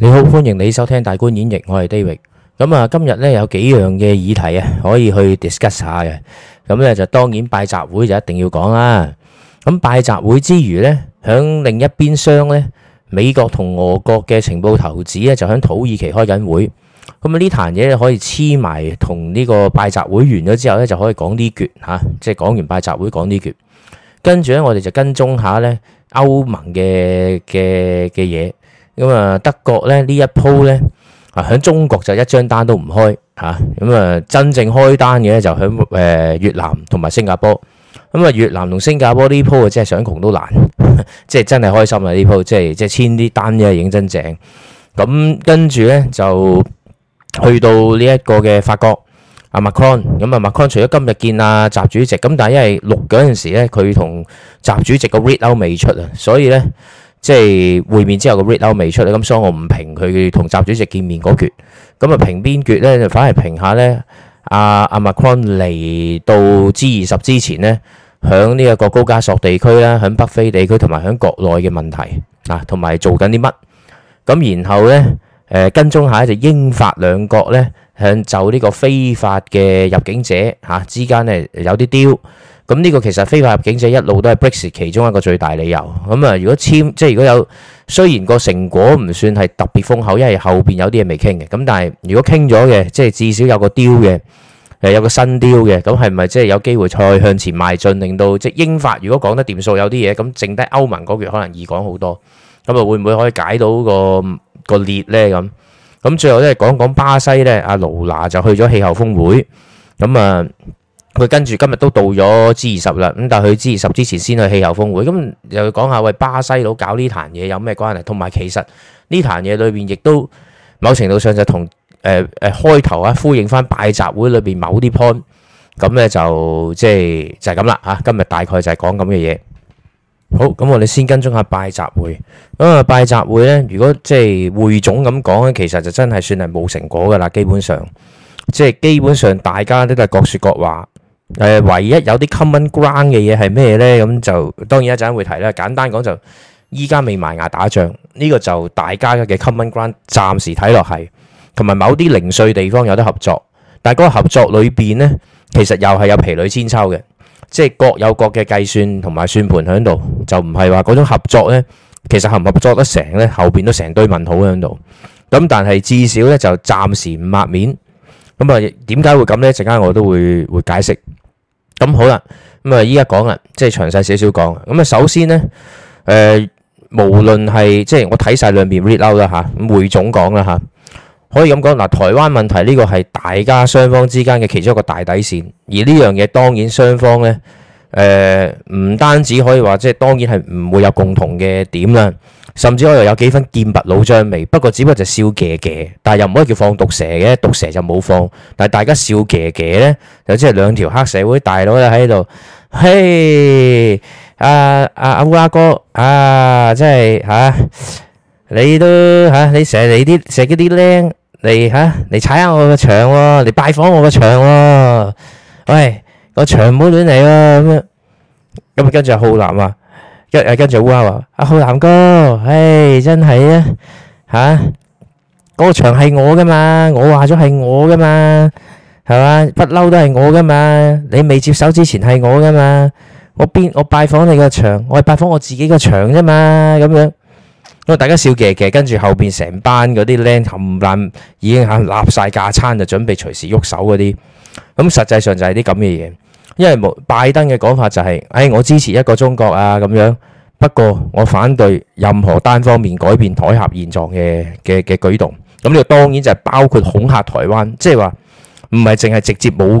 你好，歡迎你收聽大觀演繹，我係 David。咁啊，今日咧有幾樣嘅議題啊，可以去 discuss 下嘅。咁咧就當然拜習會就一定要講啦。咁拜習會之餘咧，響另一邊廂咧，美國同俄國嘅情報頭子咧就響土耳其開緊會。咁啊，呢壇嘢可以黐埋同呢個拜習會完咗之後咧，就可以講啲決吓，即係講完拜習會講啲決。跟住咧，我哋就跟蹤下咧歐盟嘅嘅嘅嘢。咁啊，德國咧呢一鋪咧啊，喺中國就一張單都唔開嚇，咁啊真正開單嘅就喺誒越南同埋新加坡。咁啊，越南同新加坡呢鋪啊，真係想窮都難，即係真係開心啊！呢鋪即係即係簽啲單真係認真正。咁跟住咧就去到呢一個嘅法國阿 Macron，咁啊 Macron 除咗今日見阿習主席，咁但係因為錄嗰陣時咧，佢同習主席個 readout 未出啊，所以咧。即係會面之後個 readout 未出，咁所以我唔評佢同習主席見面嗰決。咁啊評邊決咧，就反而評下咧阿阿 Macron 嚟到 G 二十之前咧，響呢一個高加索地區啦，響北非地區同埋響國內嘅問題啊，同埋做緊啲乜？咁然後咧誒、呃、跟蹤下一隻英法兩國咧，向就呢個非法嘅入境者嚇、啊、之間咧有啲 deal。咁呢個其實非法入境者一路都係 Brexit 其中一個最大理由。咁、嗯、啊，如果簽即係如果有，雖然個成果唔算係特別豐厚，因為後邊有啲嘢未傾嘅。咁但係如果傾咗嘅，即係至少有個 deal 嘅，誒有個新 deal 嘅。咁係咪即係有機會再向前邁進，令到即係英法如果講得掂數有啲嘢，咁剩低歐盟嗰橛可能易講好多。咁啊，會唔會可以解到個個裂咧？咁咁最後咧講講巴西咧，阿盧拿就去咗氣候峰會。咁啊。佢跟住今日都到咗 G 二十啦，咁但係佢 G 二十之前先去氣候峰會，咁、嗯、又要講下喂巴西佬搞呢壇嘢有咩關係？同埋其實呢壇嘢裏邊亦都某程度上就同誒誒開頭啊呼應翻拜習會裏邊某啲 point，咁咧就即係就係咁啦嚇。今日大概就係講咁嘅嘢。好咁，我哋先跟蹤下拜習會咁啊、嗯！拜習會咧，如果即係匯總咁講咧，其實就真係算係冇成果㗎啦。基本上即係、就是、基本上，大家都係各説各話。誒，唯一有啲 common ground 嘅嘢係咩呢？咁就當然一陣會提啦。簡單講就，依家未埋牙打仗呢、這個就大家嘅 common ground，暫時睇落係同埋某啲零碎地方有得合作。但係嗰個合作裏邊呢，其實又係有皮裏千秋嘅，即係各有各嘅計算同埋算盤喺度，就唔係話嗰種合作呢，其實合唔合作得成呢，後邊都成堆問號喺度。咁但係至少呢，就暫時唔抹面。咁啊，點解會咁呢？一陣間我都會會解釋。咁好啦，咁啊依家講啦，即係詳細少少講。咁啊首先咧，誒、呃、無論係即係我睇晒兩邊 read out 啦嚇，咁匯總講啦嚇，可以咁講嗱，台灣問題呢個係大家雙方之間嘅其中一個大底線，而呢樣嘢當然雙方咧誒唔單止可以話即係當然係唔會有共同嘅點啦。甚至我又有幾分劍拔弩張味，不過只不過就笑騎騎，但係又唔可以叫放毒蛇嘅，毒蛇就冇放，但係大家笑騎騎咧，就即係兩條黑社會大佬咧喺度，嘿、hey! 啊啊，阿阿阿烏阿哥，啊，即係嚇，你都嚇，你成日嚟啲射嗰啲僆嚟嚇嚟踩下我個牆喎，嚟拜訪我個牆喎，喂，我牆咪亂嚟啊咁樣，咁跟住浩南話。一跟住烏鴉話：阿浩南哥，唉，真係啊，吓，嗰場係我噶嘛，我話咗係我噶嘛，係嘛，不嬲都係我噶嘛，你未接手之前係我噶嘛，我邊我拜訪你個場，我係拜訪我自己個場啫嘛，咁樣，我大家笑騎騎，跟住後邊成班嗰啲靚冚唪爛，已經吓立晒架撐就準備隨時喐手嗰啲，咁實際上就係啲咁嘅嘢。因為無拜登嘅講法就係，誒，我支持一個中國啊，咁樣，不過我反對任何單方面改變台海現狀嘅嘅嘅舉動。咁呢個當然就係包括恐嚇台灣，即係話唔係淨係直接武、誒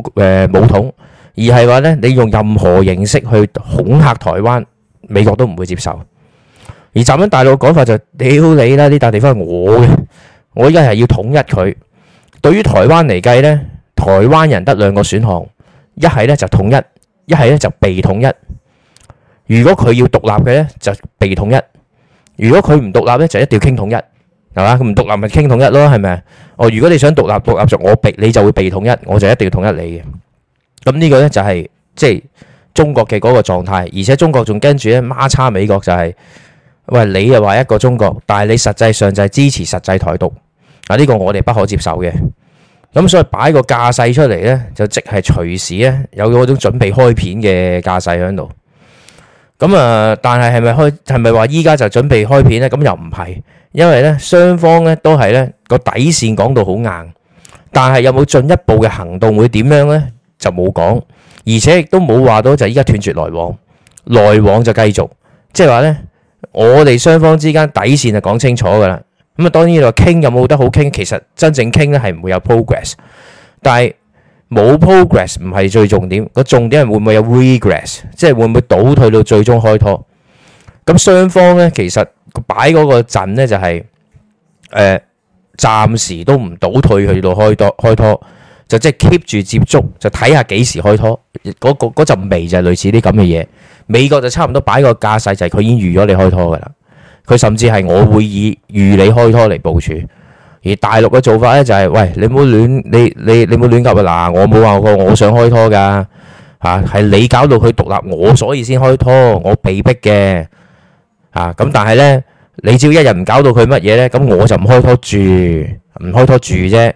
武統，而係話咧你用任何形式去恐嚇台灣，美國都唔會接受。而站喺大陸嘅講法就屌你啦，呢笪地方係我嘅，我一係要統一佢。對於台灣嚟計咧，台灣人得兩個選項。一係咧就統一，一係咧就被統一。如果佢要獨立嘅咧，就被統一；如果佢唔獨立咧，就一定要傾統一，係嘛？佢唔獨立咪傾統一咯，係咪？哦，如果你想獨立，獨立就我被你就會被統一，我就一定要統一你嘅。咁呢個咧就係即係中國嘅嗰個狀態，而且中國仲跟住咧孖叉美國就係、是，喂你又話一個中國，但係你實際上就係支持實際台獨，嗱、這、呢個我哋不可接受嘅。咁所以擺個架勢出嚟咧，就即係隨時咧有嗰種準備開片嘅架勢喺度。咁啊，但係係咪開係咪話依家就準備開片咧？咁又唔係，因為咧雙方咧都係咧個底線講到好硬，但係有冇進一步嘅行動會點樣咧就冇講，而且亦都冇話到就依家斷絕來往，來往就繼續，即係話咧我哋雙方之間底線就講清楚噶啦。咁啊，當然你話傾有冇得好傾，其實真正傾咧係唔會有 progress，但係冇 progress 唔係最重點，個重點係會唔會有 regress，即係會唔會倒退到最終開拖？咁雙方咧，其實擺嗰個陣咧就係、是、誒、呃，暫時都唔倒退去到開拖開拖，就即係 keep 住接觸，就睇下幾時開拖。嗰、那個陣味就係類似啲咁嘅嘢，美國就差唔多擺個架勢就係佢已經預咗你開拖噶啦。佢甚至係我會以預你開拖嚟部署，而大陸嘅做法咧就係：喂，你冇亂，你你你冇亂急啊！嗱，我冇話過我想開拖㗎，嚇係你搞到佢獨立，我所以先開拖，我被逼嘅，嚇咁。但係咧，你只要一日唔搞到佢乜嘢咧，咁我就唔開拖住，唔開拖住啫。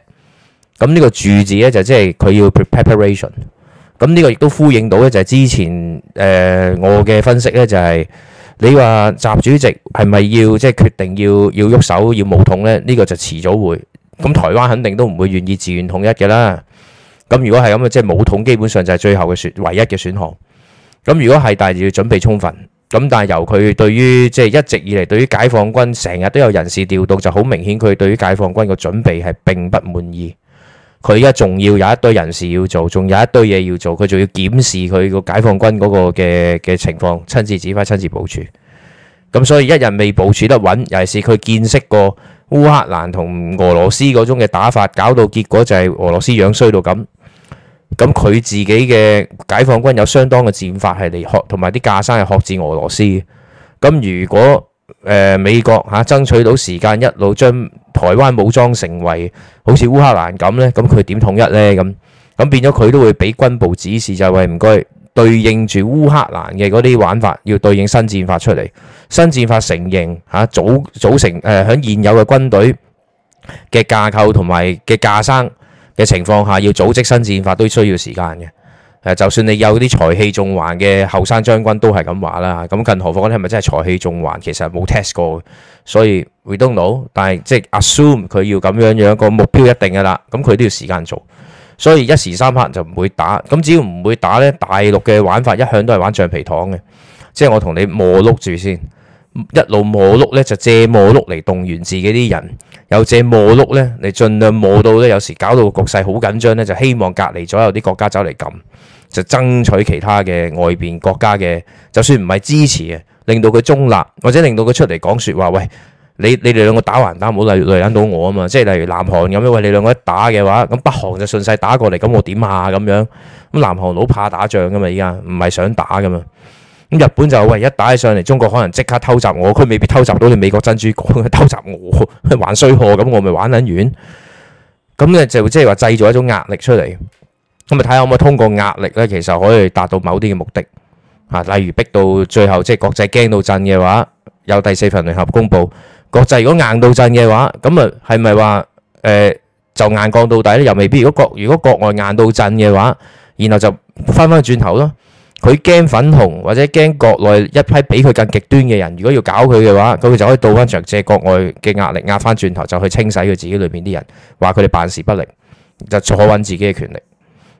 咁呢個住字咧就即係佢要 preparation。咁呢個亦都呼應到咧，就係之前誒我嘅分析咧，就係。你話習主席係咪要即係、就是、決定要要喐手要武統呢？呢、這個就遲早會。咁台灣肯定都唔會願意自願統一嘅啦。咁如果係咁嘅，即、就、係、是、武統基本上就係最後嘅選唯一嘅選項。咁如果係，但係要準備充分。咁但係由佢對於即係、就是、一直以嚟對於解放軍成日都有人事調動，就好明顯佢對於解放軍嘅準備係並不滿意。佢而家仲要有一堆人事要做，仲有一堆嘢要做，佢仲要檢視佢個解放軍嗰個嘅嘅情況，親自指揮、親自部署。咁所以一日未部署得穩，尤其是佢見識過烏克蘭同俄羅斯嗰種嘅打法，搞到結果就係俄羅斯樣衰到咁。咁佢自己嘅解放軍有相當嘅戰法係嚟學，同埋啲架生係學自俄羅斯。咁如果誒、呃，美國吓、啊、爭取到時間，一路將台灣武裝成為好似烏克蘭咁呢。咁佢點統一呢？咁咁變咗佢都會俾軍部指示、就是，就係唔該對應住烏克蘭嘅嗰啲玩法，要對應新戰法出嚟。新戰法成形吓組組成誒，響現有嘅軍隊嘅架構同埋嘅架生嘅情況下，要組織新戰法都需要時間嘅。誒、啊，就算你有啲才氣縱橫嘅後生將軍都係咁話啦。咁，更何況你係咪真係才氣縱橫？其實冇 test 過，所以 we don’t know 但。但係即係 assume 佢要咁樣樣個目標一定嘅啦。咁佢都要時間做，所以一時三刻就唔會打。咁只要唔會打呢，大陸嘅玩法一向都係玩橡皮糖嘅，即係我同你磨碌住先，一路磨碌呢就借磨碌嚟動員自己啲人，又借磨碌呢，你盡量磨到呢，有時搞到個局勢好緊張呢，就希望隔離左右啲國家走嚟撳。就爭取其他嘅外邊國家嘅，就算唔係支持嘅，令到佢中立，或者令到佢出嚟講説話。喂，你你哋兩個打橫打，唔好嚟嚟揾到我啊嘛！即係例如南韓咁樣，喂，你兩個一打嘅話，咁北韓就順勢打過嚟，咁我點啊？咁樣，咁南韓好怕打仗噶嘛，依家唔係想打噶嘛。咁日本就喂，一打起上嚟，中國可能即刻偷襲我，佢未必偷襲到你美國珍珠港，偷襲我，還衰我，我玩衰貨咁，我咪玩撚完。咁咧就即係話製造一種壓力出嚟。咁咪睇下，可唔可以通過壓力咧？其實可以達到某啲嘅目的啊，例如逼到最後即係國際驚到震嘅話，有第四份聯合公報。國際如果硬到震嘅話，咁啊係咪話誒就硬降到底咧？又未必。如果國如果國外硬到震嘅話，然後就翻翻轉頭咯。佢驚粉紅或者驚國內一批比佢更極端嘅人，如果要搞佢嘅話，咁佢就可以倒翻牆借國外嘅壓力壓翻轉頭，就去清洗佢自己裏面啲人，話佢哋辦事不力，就坐穩自己嘅權力。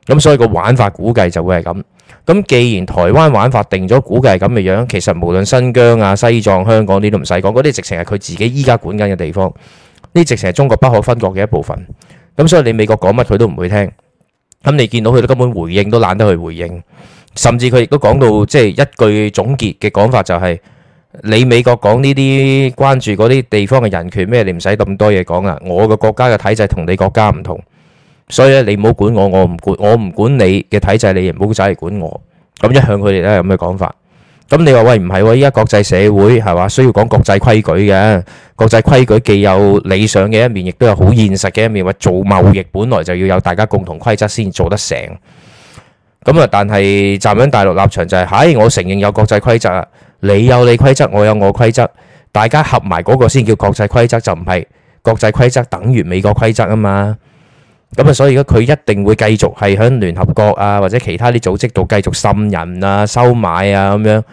咁所以個玩法估計就會係咁。咁既然台灣玩法定咗，估計係咁嘅樣，其實無論新疆啊、西藏、香港啲都唔使講，嗰啲直情係佢自己依家管緊嘅地方，呢直情係中國不可分割嘅一部分。咁所以你美國講乜佢都唔會聽。咁你見到佢都根本回應都懶得去回應，甚至佢亦都講到即係一句總結嘅講法就係：你美國講呢啲關注嗰啲地方嘅人權咩？你唔使咁多嘢講啊！我嘅國家嘅體制同你國家唔同。所以你唔好管我，我唔管我唔管你嘅體制，你亦唔好再嚟管我。咁一向佢哋都有咁嘅講法。咁你話喂，唔係依家國際社會係嘛？需要講國際規矩嘅。國際規矩既有理想嘅一面，亦都有好現實嘅一面。話做貿易本來就要有大家共同規則先做得成。咁啊，但係站喺大陸立場就係，唉，我承認有國際規則啊，你有你規則，我有我規則，大家合埋嗰個先叫國際規則，就唔係國際規則等於美國規則啊嘛。咁啊，所以咧，佢一定會繼續係喺聯合國啊，或者其他啲組織度繼續滲人啊、收買啊咁樣，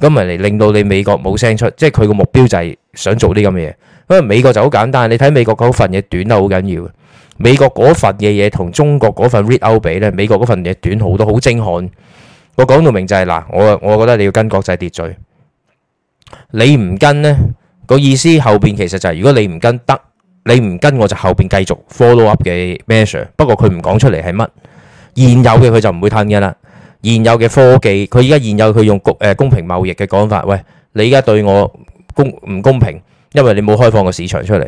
咁咪嚟令到你美國冇聲出，即係佢個目標就係想做啲咁嘅嘢。因為美國就好簡單，你睇美國嗰份嘢短得好緊要嘅，美國嗰份嘢嘢同中國嗰份 read out 比咧，美國嗰份嘢短好多，好精悍。我講到明就係嗱，我我覺得你要跟國際秩序，你唔跟呢個意思後邊其實就係如果你唔跟得。你唔跟我就後邊繼續 follow up 嘅 measure，不過佢唔講出嚟係乜，現有嘅佢就唔會吞嘅啦。現有嘅科技，佢依家現有佢用公誒公平貿易嘅講法，喂，你依家對我公唔公平？因為你冇開放個市場出嚟。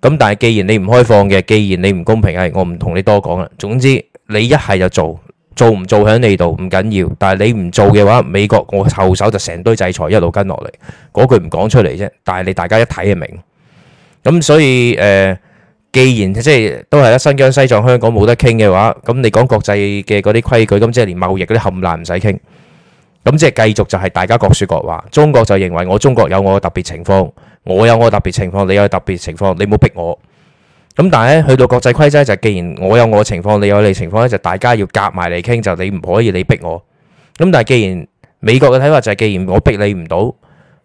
咁但係既然你唔開放嘅，既然你唔公平，係我唔同你多講啦。總之你一係就做，做唔做喺你度唔緊要，但係你唔做嘅話，美國我後手就成堆制裁一路跟落嚟。嗰句唔講出嚟啫，但係你大家一睇就明。咁所以誒，既然即係都係咧，新疆、西藏、香港冇得傾嘅話，咁你講國際嘅嗰啲規矩，咁即係連貿易嗰啲冚唥唔使傾，咁即係繼續就係大家各説各話。中國就認為我中國有我特別情況，我有我特別情況，你有特別情況，你冇逼我。咁但係咧，去到國際規則就係，既然我有我情況，你有你情況咧，就大家要夾埋嚟傾，就你唔可以你逼我。咁但係既然美國嘅睇法就係，既然我逼你唔到。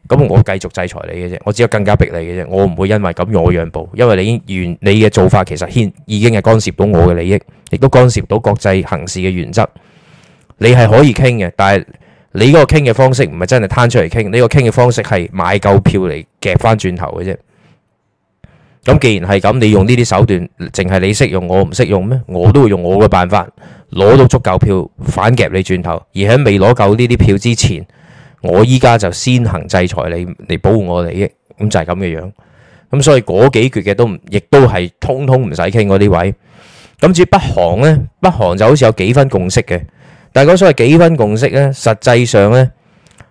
咁我繼續制裁你嘅啫，我只有更加逼你嘅啫，我唔會因為咁我讓步，因為你已經完，你嘅做法其實牽已經係干涉到我嘅利益，亦都干涉到國際行事嘅原則。你係可以傾嘅，但係你嗰個傾嘅方式唔係真係攤出嚟傾，你個傾嘅方式係買夠票嚟夾翻轉頭嘅啫。咁既然係咁，你用呢啲手段，淨係你識用，我唔識用咩？我都會用我嘅辦法，攞到足夠票反夾你轉頭，而喺未攞夠呢啲票之前。我依家就先行制裁你，嚟保護我利益，咁就係咁嘅樣。咁所以嗰幾決嘅都，亦都係通通唔使傾嗰啲位。咁至於北韓呢，北韓就好似有幾分共識嘅，但係嗰所謂幾分共識呢，實際上呢，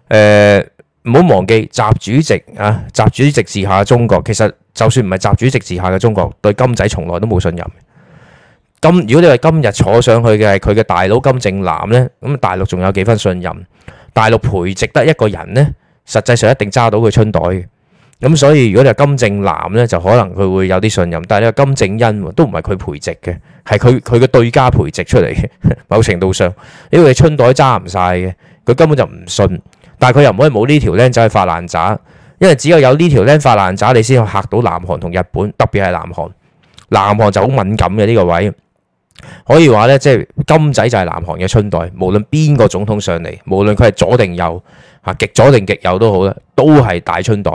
誒唔好忘記習主席啊，習主席治下中國，其實就算唔係習主席治下嘅中國，對金仔從來都冇信任。咁如果你話今日坐上去嘅係佢嘅大佬金正男呢，咁大陸仲有幾分信任？大陸培植得一個人呢，實際上一定揸到佢春袋嘅。咁所以，如果你係金正男呢，就可能佢會有啲信任。但係你話金正恩都唔係佢培植嘅，係佢佢嘅對家培植出嚟嘅。 某程度上，因為春袋揸唔晒嘅，佢根本就唔信。但係佢又唔可以冇呢條僆仔去發爛渣，因為只有有呢條僆仔發爛渣，你先嚇到南韓同日本，特別係南韓。南韓就好敏感嘅呢個位。可以話咧，即係金仔就係南韓嘅春袋，無論邊個總統上嚟，無論佢係左定右吓，極左定極右都好咧，都係大春袋。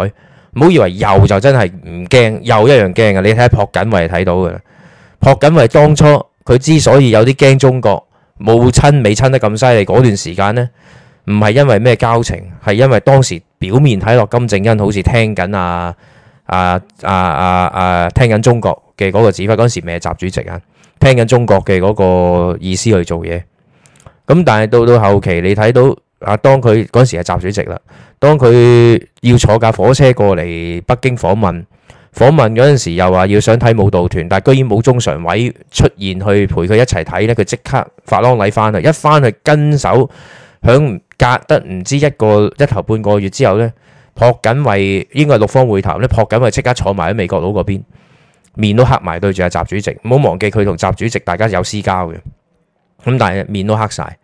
唔好以為右就真係唔驚，右一樣驚噶。你睇下朴槿惠睇到噶啦，朴槿惠當初佢之所以有啲驚中國冇親美親得咁犀利嗰段時間呢，唔係因為咩交情，係因為當時表面睇落金正恩好似聽緊啊啊啊啊啊聽緊中國嘅嗰個指揮，嗰時咩習主席啊？聽緊中國嘅嗰個意思去做嘢，咁、嗯、但係到到後期你睇到啊，當佢嗰時係習主席啦，當佢要坐架火車過嚟北京訪問，訪問嗰陣時又話要想睇舞蹈團，但居然冇中常委出現去陪佢一齊睇呢，佢即刻發狼戾翻去，一翻去跟手響隔得唔知一個一頭半個月之後呢，朴槿惠應該係六方會談呢朴槿惠即刻坐埋喺美國佬嗰邊。面都黑埋對住阿習主席，唔好忘記佢同習主席大家有私交嘅，咁但係面都黑晒，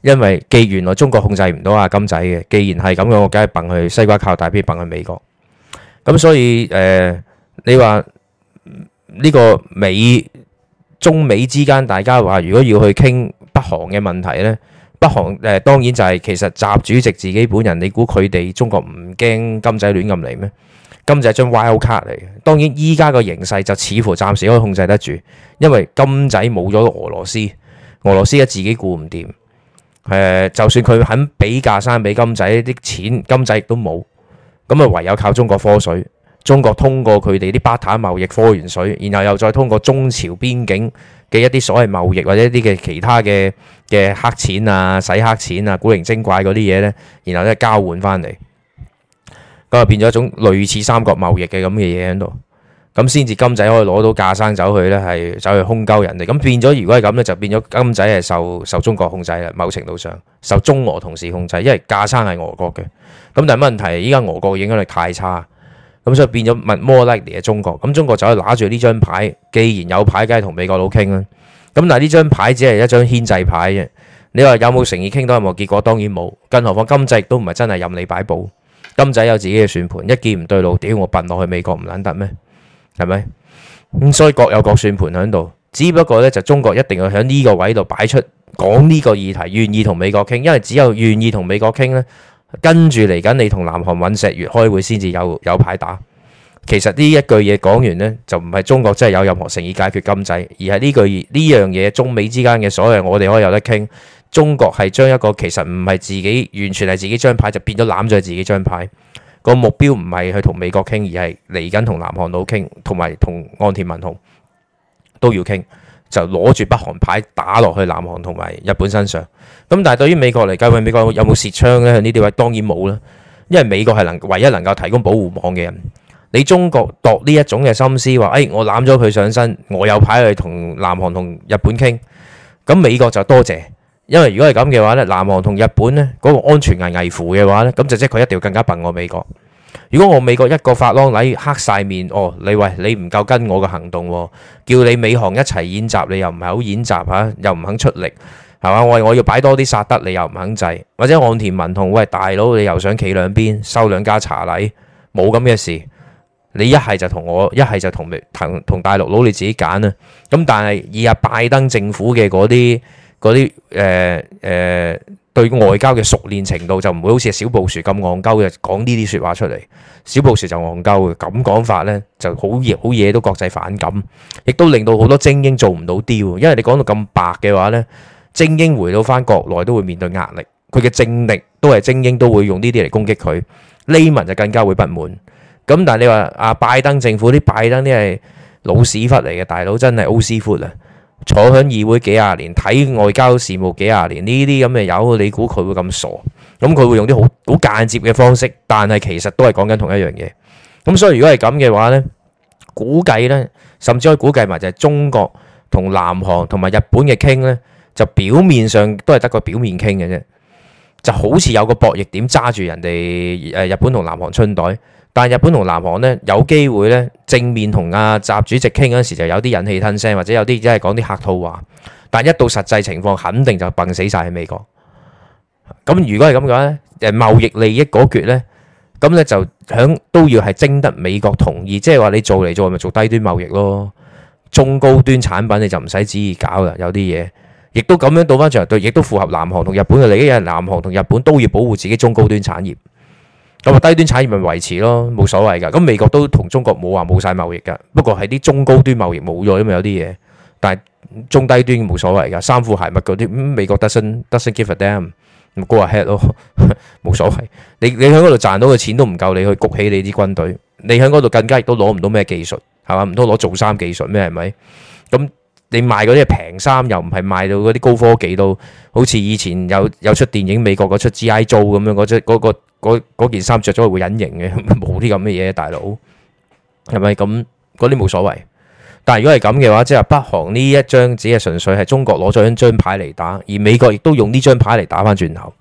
因為既原來中國控制唔到阿金仔嘅，既然係咁樣，我梗係掹去西瓜靠大邊，掹去美國，咁所以誒、呃，你話呢、這個美中美之間大家話如果要去傾北韓嘅問題呢？北韓誒、呃，當然就係其實習主席自己本人，你估佢哋中國唔驚金仔亂咁嚟咩？金仔係張 wild card 嚟嘅，當然依家個形勢就似乎暫時可以控制得住，因為金仔冇咗俄羅斯，俄羅斯一自己顧唔掂，誒、呃，就算佢肯比價生俾金仔啲錢，金仔亦都冇，咁啊唯有靠中國科水，中國通過佢哋啲巴塔貿易科完水，然後又再通過中朝邊境嘅一啲所謂貿易或者一啲嘅其他嘅嘅黑錢啊、洗黑錢啊、古靈精怪嗰啲嘢呢，然後咧交換翻嚟。咁啊，變咗一種類似三角貿易嘅咁嘅嘢喺度，咁先至金仔可以攞到架生走去咧，係走去空勾人哋。咁變咗，如果係咁咧，就變咗金仔係受受中國控制啦。某程度上，受中俄同時控制，因為架生係俄國嘅。咁但係問題，依家俄國影響力太差，咁所以變咗問 more likely 係中國。咁中國就去拿住呢張牌，既然有牌，梗係同美國佬傾啦。咁但係呢張牌只係一張牽制牌啫。你話有冇誠意傾到有冇結果，當然冇。更何況金仔都唔係真係任你擺佈。金仔有自己嘅算盤，一見唔對路，屌我笨落去美國唔撚得咩？係咪？咁所以各有各算盤喺度，只不過呢，就中國一定要喺呢個位度擺出講呢個議題，願意同美國傾，因為只有願意同美國傾呢，跟住嚟緊你同南韓尹錫悅開會先至有有牌打。其實呢一句嘢講完呢，就唔係中國真係有任何誠意解決金仔，而係呢句呢樣嘢中美之間嘅所謂我哋可以有得傾。中國係將一個其實唔係自己完全係自己張牌，就變咗攬咗自己張牌。個目標唔係去同美國傾，而係嚟緊同南韓佬傾，同埋同岸田文雄都要傾，就攞住北韓牌打落去南韓同埋日本身上。咁但係對於美國嚟計，問美國有冇蝕槍咧？呢啲位當然冇啦，因為美國係能唯一能夠提供保護網嘅人。你中國度呢一種嘅心思話，誒、哎、我攬咗佢上身，我有牌去同南韓同日本傾，咁美國就多謝，謝。因為如果係咁嘅話呢，南韓同日本呢，嗰個安全危危乎嘅話呢，咁就即係佢一定要更加笨過美國。如果我美國一個發狼戾黑晒面，哦，你喂，你唔夠跟我嘅行動喎，叫你美韓一齊演習，你又唔係好演習嚇，又唔肯出力，係嘛？我我要擺多啲薩德，你又唔肯制，或者岸田文雄喂，大佬，你又想企兩邊收兩家茶禮，冇咁嘅事。你一係就同我，一係就同同大陸佬，你自己揀啊。咁但係以日拜登政府嘅嗰啲。嗰啲誒誒對外交嘅熟練程度就唔會好似小布殊咁戇鳩嘅講呢啲説話出嚟，小布殊就戇鳩嘅咁講法呢，就好好惹都國際反感，亦都令到好多精英做唔到啲喎，因為你講到咁白嘅話呢，精英回到翻國內都會面對壓力，佢嘅政敵都係精英都會用呢啲嚟攻擊佢 layman 就更加會不滿。咁但係你話阿拜登政府啲拜登啲係老屎忽嚟嘅大佬，真係 O 師傅啊！坐喺議會幾廿年，睇外交事務幾廿年，呢啲咁嘅友，你估佢會咁傻？咁佢會用啲好好間接嘅方式，但係其實都係講緊同一樣嘢。咁所以如果係咁嘅話呢，估計呢，甚至可以估計埋就係中國同南韓同埋日本嘅傾呢，就表面上都係得個表面傾嘅啫，就好似有個博弈點揸住人哋誒，日本同南韓春袋。但日本同南韓咧，有機會咧，正面同阿習主席傾嗰陣時，就有啲忍氣吞聲，或者有啲真係講啲客套話。但一到實際情況，肯定就笨死晒。喺美國。咁如果係咁講咧，誒貿易利益嗰橛咧，咁咧就響都要係徵得美國同意，即係話你做嚟做去咪做低端貿易咯，中高端產品你就唔使旨意搞噶，有啲嘢亦都咁樣倒翻轉頭，亦都符合南韓同日本嘅利益。南韓同日本都要保護自己中高端產業。咁啊，低端產業咪維持咯，冇所謂噶。咁美國都同中國冇話冇晒貿易噶，不過喺啲中高端貿易冇咗啊嘛，因為有啲嘢。但係中低端冇所謂噶，衫褲鞋襪嗰啲，美國 doesn't doesn't give a damn，咁哥話 hit 咯，冇所謂， 所謂。你你喺嗰度賺到嘅錢都唔夠你去谷起你啲軍隊，你喺嗰度更加亦都攞唔到咩技術，係嘛？唔通攞做衫技術咩？係咪？咁。你賣嗰啲係平衫，又唔係賣到嗰啲高科技。都好似以前有有出電影美國嗰出 G.I. Joe 咁樣嗰出個件衫着咗係會隱形嘅，冇啲咁嘅嘢，大佬係咪咁，嗰啲冇所謂？但係如果係咁嘅話，即係北韓呢一張只係純粹係中國攞咗張張牌嚟打，而美國亦都用呢張牌嚟打翻轉頭。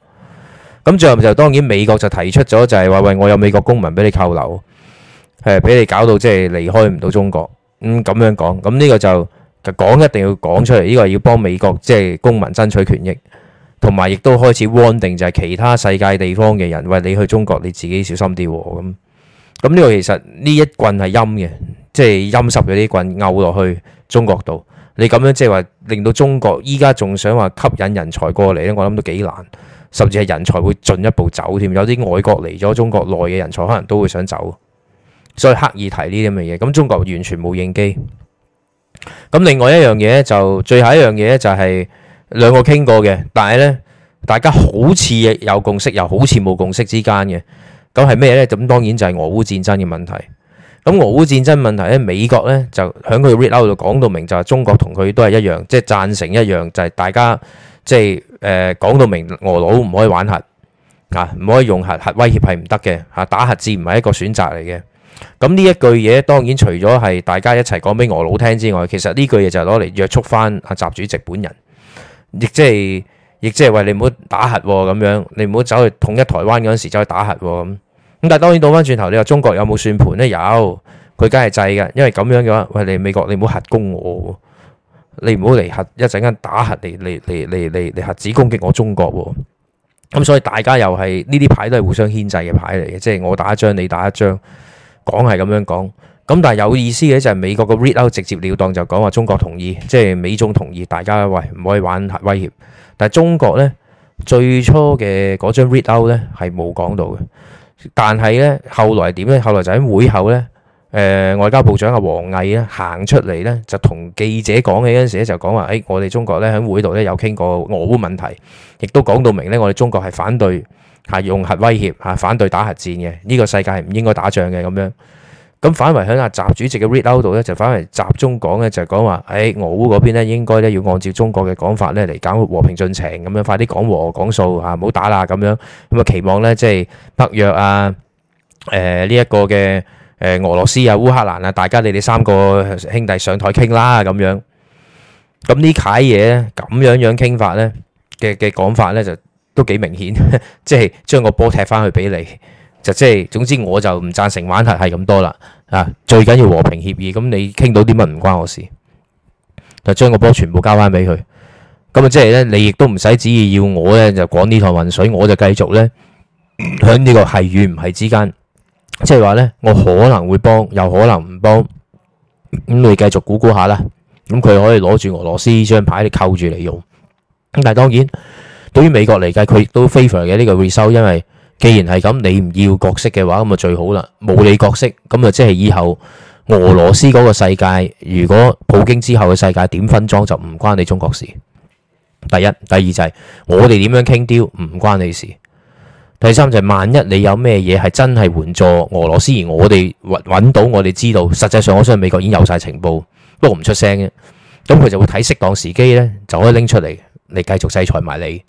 咁最後就是、當然美國就提出咗，就係話喂，我有美國公民俾你扣留，誒俾你搞到即係離開唔到中國咁咁、嗯、樣講咁呢個就。就講一定要講出嚟，呢個係要幫美國即係、就是、公民爭取權益，同埋亦都開始 warning 就係其他世界地方嘅人，話你去中國你自己小心啲喎。咁咁呢個其實呢一棍係陰嘅，即係陰濕咗啲棍拗落去中國度。你咁樣即係話令到中國依家仲想話吸引人才過嚟咧，我諗都幾難，甚至係人才會進一步走添。有啲外國嚟咗中國內嘅人才，可能都會想走，所以刻意提呢啲咁嘅嘢，咁中國完全冇應機。咁另外一樣嘢，就最後一樣嘢就係兩個傾過嘅，但係呢，大家好似有共識，又好似冇共識之間嘅，咁係咩呢？咁當然就係俄烏戰爭嘅問題。咁俄烏戰爭問題呢，美國呢，就喺佢 read out 度講到明，就係中國同佢都係一樣，即係贊成一樣，就係大家即係誒講到明，俄佬唔可以玩核啊，唔可以用核、核威脅係唔得嘅吓，打核戰唔係一個選擇嚟嘅。咁呢一句嘢，當然除咗係大家一齊講俾俄佬聽之外，其實呢句嘢就係攞嚟約束翻阿習主席本人，亦即係亦即係話你唔好打核喎，咁樣，你唔好走去統一台灣嗰陣時走去打核喎，咁。但係當然倒翻轉頭，你話中國有冇算盤咧？有，佢梗係制噶，因為咁樣嘅話，喂你美國，你唔好核攻我，你唔好嚟核一陣間打核嚟嚟嚟嚟嚟嚟核子攻擊我中國喎。咁所以大家又係呢啲牌都係互相牽制嘅牌嚟嘅，即係我打一張，你打一張。講係咁樣講，咁但係有意思嘅就係美國嘅 readout 直接了當就講話中國同意，即係美中同意，大家喂，唔可以玩核威脅。但係中國咧最初嘅嗰張 readout 咧係冇講到嘅，但係咧後來點咧？後來就喺會後咧，誒外交部長阿王毅咧行出嚟咧，就同記者講起嗰陣時咧，就講話誒我哋中國咧喺會度咧有傾過俄烏問題，亦都講到明咧我哋中國係反對。係用核威脅嚇，反對打核戰，嘅呢個世界係唔應該打仗嘅咁樣。咁反為喺阿習主席嘅 readout 度咧，就反為集中講咧，就講話誒俄烏嗰邊咧，應該咧要按照中國嘅講法咧嚟搞和平進程咁樣，快啲講和講數嚇，唔好打啦咁樣。咁啊期望咧即係北約啊誒呢一個嘅誒俄羅斯啊烏克蘭啊，大家你哋三個兄弟上台傾啦咁樣。咁呢啲嘢咁樣樣傾法咧嘅嘅講法咧就。都幾明顯，即係將個波踢翻去俾你，就即係總之我就唔贊成玩核係咁多啦。啊，最緊要和平協議，咁你傾到啲乜唔關我事，就將個波全部交翻俾佢。咁啊，即係咧，你亦都唔使旨意要我咧就講呢趟混水，我就繼續咧喺呢個係與唔係之間，即係話咧，我可能會幫，又可能唔幫。咁你繼續估估下啦。咁佢可以攞住俄羅斯呢張牌嚟扣住嚟用。咁但係當然。對於美國嚟計，佢亦都 favor 嘅呢個回收，因為既然係咁，你唔要角色嘅話，咁啊最好啦，冇你角色，咁啊即係以後俄羅斯嗰個世界，如果普京之後嘅世界點分贓就唔關你中國事。第一，第二就係、是、我哋點樣傾調唔關你事。第三就係萬一你有咩嘢係真係援助俄羅斯，而我哋揾到我哋知道，實際上我相信美國已經有晒情報，不過唔出聲嘅，咁佢就會睇適當時機呢，就可以拎出嚟，你繼續制裁埋你。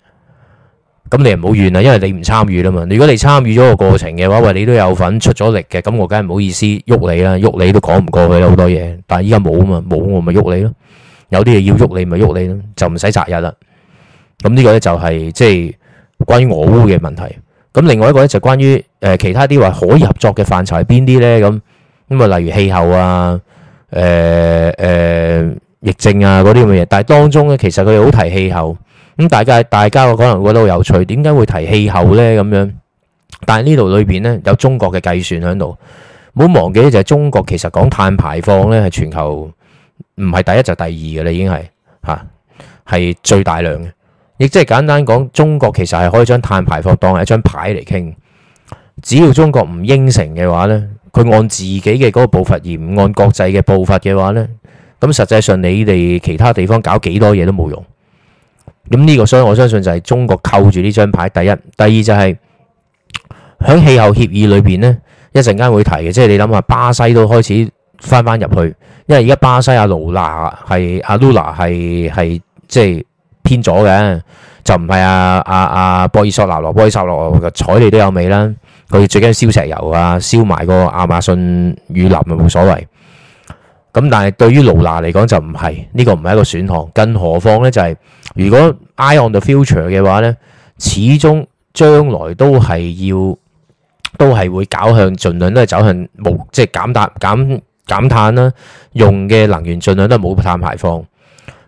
咁你又唔好怨啊，因為你唔參與啦嘛。如果你參與咗個過程嘅話，喂，你都有份出咗力嘅，咁我梗係唔好意思喐你啦，喐你都講唔過佢啦好多嘢。但係依家冇啊嘛，冇我咪喐你咯。有啲嘢要喐你咪喐你咯，就唔使擇日啦。咁呢個咧就係即係關於俄烏嘅問題。咁另外一個咧就關於誒其他啲話可以合作嘅範疇係邊啲咧？咁咁啊，例如氣候啊，誒誒疫症啊嗰啲咁嘅嘢。但係當中咧，其實佢好提氣候。咁大家大家可能覺得好有趣，點解會提氣候呢？咁樣，但係呢度裏邊呢，有中國嘅計算喺度，唔好忘記就係中國其實講碳排放呢，係全球唔係第一就第二嘅啦，已經係嚇係最大量嘅。亦即係簡單講，中國其實係可以將碳排放當係一張牌嚟傾。只要中國唔應承嘅話呢，佢按自己嘅嗰個步伐而唔按國際嘅步伐嘅話呢，咁實際上你哋其他地方搞幾多嘢都冇用。咁呢個，所以我相信就係中國扣住呢張牌。第一、第二就係喺氣候協議裏邊咧，一陣間會提嘅。即係你諗下，巴西都開始返返入去，因為而家巴西阿盧拿係阿盧拿係，係即係偏左嘅，就唔係阿阿阿博爾索納羅，博爾索納羅嘅睬你都有味啦。佢最緊要燒石油啊，燒埋個亞馬遜雨林咪冇所謂。咁但係對於盧拉嚟講就唔係，呢個，唔係一個選項。更何況呢、就係，就係如果 eye on the future 嘅話呢，始終將來都係要，都係會搞向，儘量，量都係走向無，即係減碳、減減碳啦。用嘅能源儘量都係冇碳排放。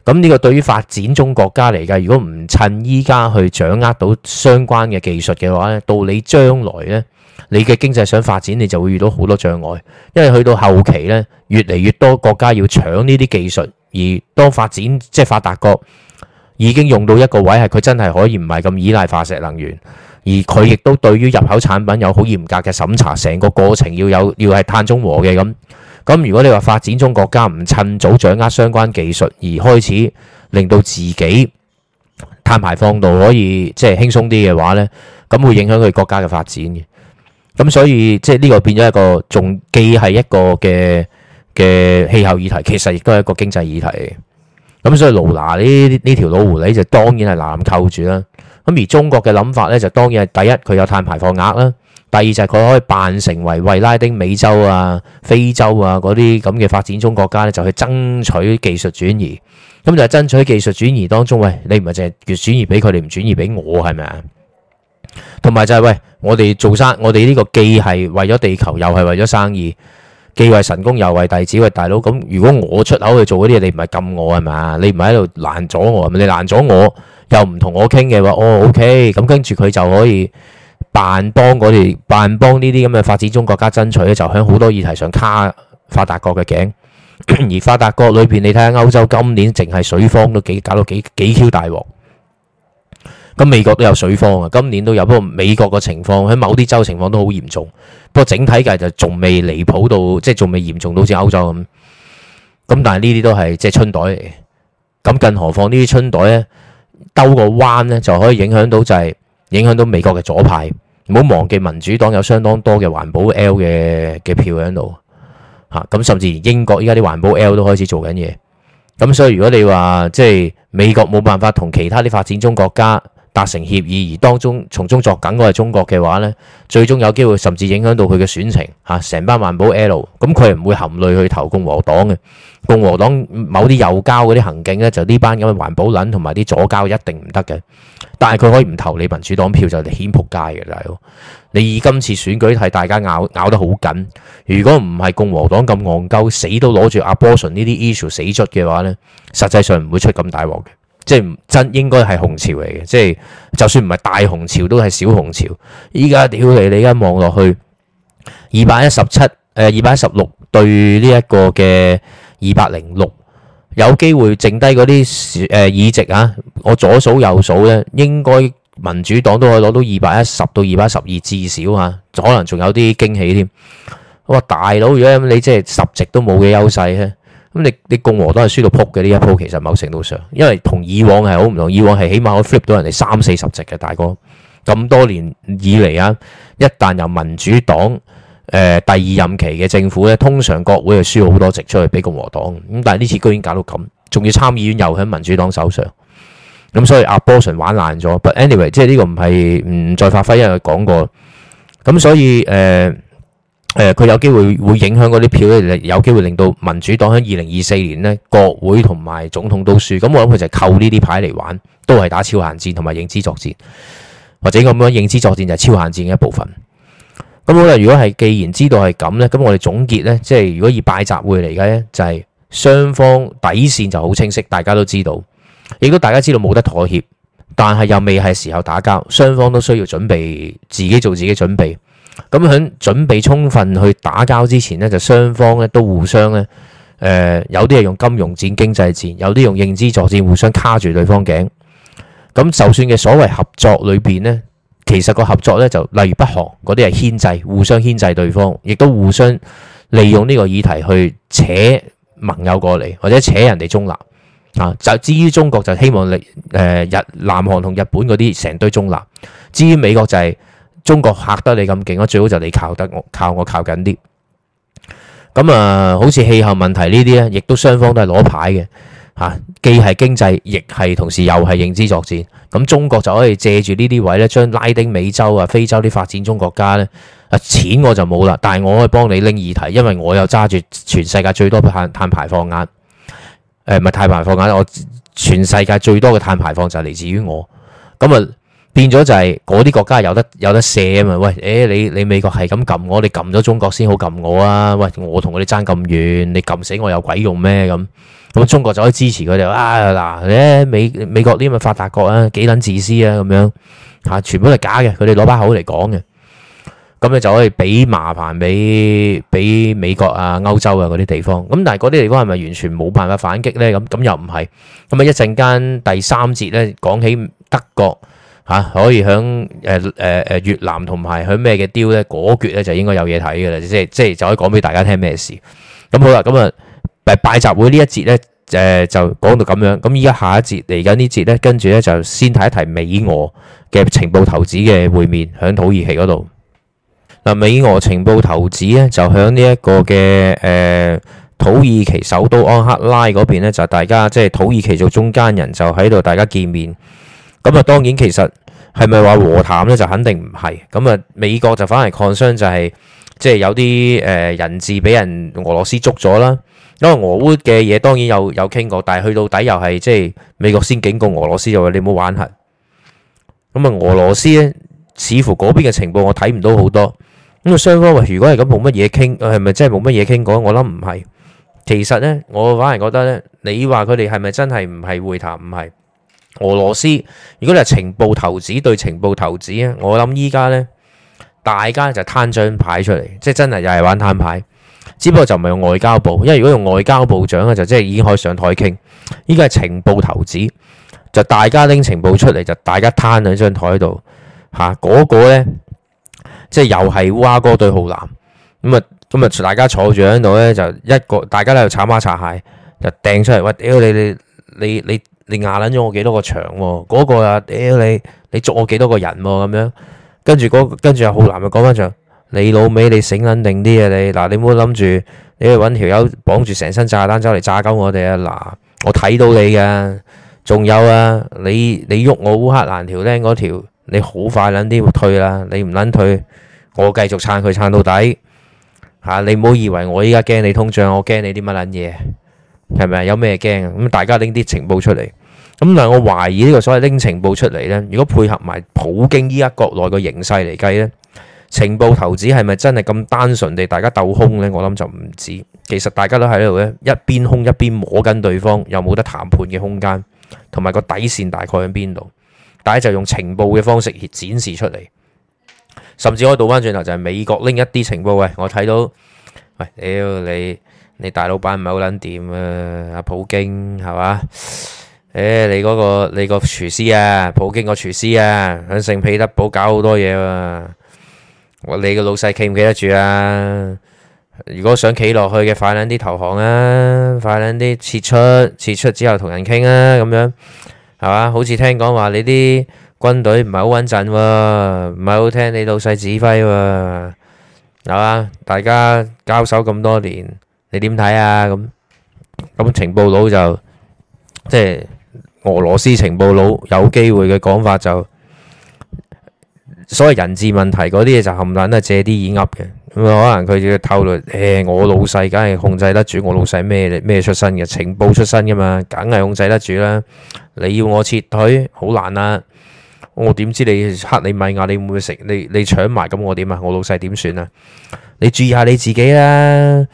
咁呢個對於發展中國家嚟講，如果唔趁依家去掌握到相關嘅技術嘅話咧，到你將來呢。你嘅經濟想發展，你就會遇到好多障礙，因為去到後期呢，越嚟越多國家要搶呢啲技術，而當發展即係發達國已經用到一個位係佢真係可以唔係咁依賴化石能源，而佢亦都對於入口產品有好嚴格嘅審查，成個過程要有要係碳中和嘅咁。咁如果你話發展中國家唔趁早掌握相關技術而開始令到自己碳排放度可以即係輕鬆啲嘅話呢，咁會影響佢國家嘅發展嘅。咁所以即係呢個變咗一個，仲既係一個嘅嘅氣候議題，其實亦都係一個經濟議題。咁所以盧拿呢呢條老狐狸就當然係攬扣住啦。咁而中國嘅諗法咧，就當然係第一佢有碳排放額啦，第二就係佢可以扮成為為拉丁美洲啊、非洲啊嗰啲咁嘅發展中國家咧，就去爭取技術轉移。咁就係爭取技術轉移當中喂，你唔係淨係轉移俾佢哋，你唔轉移俾我係咪啊？同埋就係、是、喂，我哋做生，我哋呢個既係為咗地球，又係為咗生意，既為神功，又為弟子，為大佬。咁如果我出口去做嗰啲嘢，你唔係禁我係嘛？你唔係喺度攔阻我，你攔阻我又唔同我傾嘅話，哦，OK，咁跟住佢就可以扮幫我哋，扮幫呢啲咁嘅發展中國家爭取咧，就響好多議題上卡發達國嘅頸。 而發達國家裏邊，你睇下歐洲今年淨係水荒都幾搞到幾幾 Q 大鑊。咁美國都有水荒啊，今年都有。不過美國個情況喺某啲州情況都好嚴重，不過整體計就仲未離譜到，即係仲未嚴重到似歐洲咁。咁但係呢啲都係即係春袋嚟嘅。咁更何況呢啲春袋咧，兜個彎咧就可以影響到就係影響到美國嘅左派。唔好忘記民主黨有相當多嘅環保 L 嘅嘅票喺度嚇。咁甚至連英國依家啲環保 L 都開始做緊嘢。咁所以如果你話即係美國冇辦法同其他啲發展中國家，達成協議而當中從中作梗嘅係中國嘅話呢，最終有機會甚至影響到佢嘅選情嚇，成、啊、班環保 L 咁佢唔會含淚去投共和黨嘅。共和黨某啲右膠嗰啲行徑呢，就呢班咁嘅環保撚同埋啲左膠一定唔得嘅。但係佢可以唔投你民主黨票就掀撲街嘅就係咯。你以今次選舉係大家咬咬得好緊，如果唔係共和黨咁戇鳩死都攞住 abortion 呢啲 issue 死捽嘅話呢，實際上唔會出咁大鑊嘅。即係真應該係紅潮嚟嘅，即係就算唔係大紅潮都係小紅潮。依家屌你，你而家望落去二百一十七，誒二百一十六對呢一個嘅二百零六，有機會剩低嗰啲誒議席啊！我左數右數咧，應該民主黨都可以攞到二百一十到二百一十二至少啊，可能仲有啲驚喜添。我話大佬，如果你即係十席都冇嘅優勢咧？咁你你共和黨係輸到撲嘅呢一鋪，其實某程度上，因為同以往係好唔同，以往係起碼可以 flip 到人哋三四十席嘅大哥，咁多年以嚟啊，一旦由民主黨誒、呃、第二任期嘅政府咧，通常國會係輸好多席出去俾共和黨，咁但係呢次居然搞到咁，仲要參議院又喺民主黨手上，咁所以 abortion 玩爛咗，but anyway 即係呢個唔係唔再發揮，因為佢講過，咁所以誒。呃誒，佢有機會會影響嗰啲票咧，有機會令到民主黨喺二零二四年呢，國會同埋總統都輸。咁我諗佢就係扣呢啲牌嚟玩，都係打超限戰同埋認知作戰，或者咁樣認知作戰就係超限戰嘅一部分。咁好啦，如果係既然知道係咁呢，咁我哋總結呢，即係如果以拜習會嚟嘅呢，就係、是、雙方底線就好清晰，大家都知道。亦都大家知道冇得妥協，但係又未係時候打交，雙方都需要準備，自己做自己準備。咁喺準備充分去打交之前咧，就雙方咧都互相咧，誒、呃、有啲係用金融戰、經濟戰，有啲用認知作戰，互相卡住對方頸。咁就算嘅所謂合作裏邊咧，其實個合作咧就例如北韓嗰啲係牽制，互相牽制對方，亦都互相利用呢個議題去扯盟友過嚟，或者扯人哋中立。啊，就至於中國就希望你誒日南韓同日本嗰啲成堆中立。至於美國就係、是。中國嚇得你咁勁啊！最好就你靠得我，靠我靠近啲。咁啊，好似氣候問題呢啲咧，亦都雙方都係攞牌嘅嚇、啊，既係經濟，亦係同時又係認知作戰。咁中國就可以借住呢啲位咧，將拉丁美洲啊、非洲啲發展中國家咧，啊錢我就冇啦，但係我可以幫你拎議題，因為我又揸住全世界最多碳碳排放額。誒唔係碳排放額，我全世界最多嘅碳排放就係嚟自於我。咁啊～變咗就係嗰啲國家有得有得射啊！嘛，喂，誒，你你美國係咁撳我，你撳咗中國先好撳我啊。喂，我同佢哋爭咁遠，你撳死我有鬼用咩？咁咁中國就可以支持佢哋啊！嗱，你美美國啲咁嘅發達國家啊，幾撚自私啊？咁樣吓，全部都係假嘅，佢哋攞把口嚟講嘅。咁你就可以俾麻煩俾俾美國啊、歐洲啊嗰啲地方。咁但係嗰啲地方係咪完全冇辦法反擊咧？咁咁又唔係咁啊？一陣間第三節咧講起德國。啊！可以喺誒誒誒越南同埋喺咩嘅雕咧，果撅咧就應該有嘢睇嘅啦，即係即係就可以講俾大家聽咩事。咁好啦，咁啊拜習會呢一節咧，誒、呃、就講到咁樣。咁依家下一節嚟緊呢節咧，跟住咧就先睇一睇美俄嘅情報頭子嘅會面喺土耳其嗰度。嗱，美俄情報頭子咧就喺呢一個嘅誒、呃、土耳其首都安克拉嗰邊咧，就大家即係土耳其做中間人就喺度大家見面。咁啊，當然其實係咪話和談咧，就肯定唔係。咁啊，美國就反而抗商就係，即係有啲誒人質俾人俄羅斯捉咗啦。因為俄烏嘅嘢當然有有傾過，但係去到底又係即係美國先警告俄羅斯，就話你唔好玩核。咁啊，俄羅斯咧似乎嗰邊嘅情報我睇唔到好多。咁啊，雙方話如果係咁冇乜嘢傾，係咪真係冇乜嘢傾過？我諗唔係。其實咧，我反而覺得咧，你話佢哋係咪真係唔係會談？唔係。俄羅斯，如果你係情報頭子對情報頭子啊，我諗依家咧，大家就攤張牌出嚟，即係真係又係玩攤牌，只不過就唔係用外交部，因為如果用外交部長啊，就即係已經可以上台傾。依家係情報頭子，就大家拎情報出嚟，就大家攤喺張台度吓，嗰、啊那個咧，即係又係烏鴉哥對浩南咁啊，咁啊，大家坐住喺度咧，就一個大家喺度炒蝦拆蟹，就掟出嚟，喂、哎，屌你你你你。你你你你牙捻咗我幾多個場？嗰、那個啊，屌、哎、你！你捉我幾多個人、啊？咁樣，跟住跟住阿浩南又講翻場：你老味，你醒捻定啲啊！你嗱，你唔好諗住你去搵條友綁住成身炸彈走嚟炸鳩我哋啊！嗱，我睇到你嘅。仲有啊，你你喐我烏克蘭條呢嗰條，你好快捻啲退啦！你唔捻退，我繼續撐佢撐到底吓、啊！你唔好以為我依家驚你通脹，我驚你啲乜捻嘢。係咪有咩驚啊？咁大家拎啲情報出嚟，咁嗱，我懷疑呢個所謂拎情報出嚟呢，如果配合埋普京依家國內個形勢嚟計呢，情報頭子係咪真係咁單純地大家鬥空呢？我諗就唔止。其實大家都喺呢度呢，一邊空一邊摸緊對方，又冇得談判嘅空間，同埋個底線大概喺邊度？大家就用情報嘅方式展示出嚟，甚至可以倒翻轉頭，就係、是、美國拎一啲情報，喂，我睇到，喂、哎，屌你！你你大老闆唔係好捻掂啊，阿普京係嘛？誒、哎，你嗰，那個你個廚師啊，普京個廚師啊，響聖彼得堡搞好多嘢啊。你個老細企唔企得住啊？如果想企落去嘅，快捻啲投降啊！快捻啲撤出，撤出之後同人傾啊，咁樣係嘛？好似聽講話你啲軍隊唔係好穩陣喎，唔係好聽你老細指揮喎、啊，係嘛？大家交手咁多年。你點睇啊？咁咁情報佬就即係俄羅斯情報佬，有機會嘅講法就所謂人質問題嗰啲嘢就冚唪唥啊，都係借啲意嘅咁啊。可能佢就要透露誒，我老細梗係控制得住，我老細咩咩出身嘅情報出身噶嘛，梗係控制得住啦。你要我撤退好難呀，我點知你克里米亞你會唔會食你你搶埋咁我點啊？我老細點算啊？你注意下你自己啦。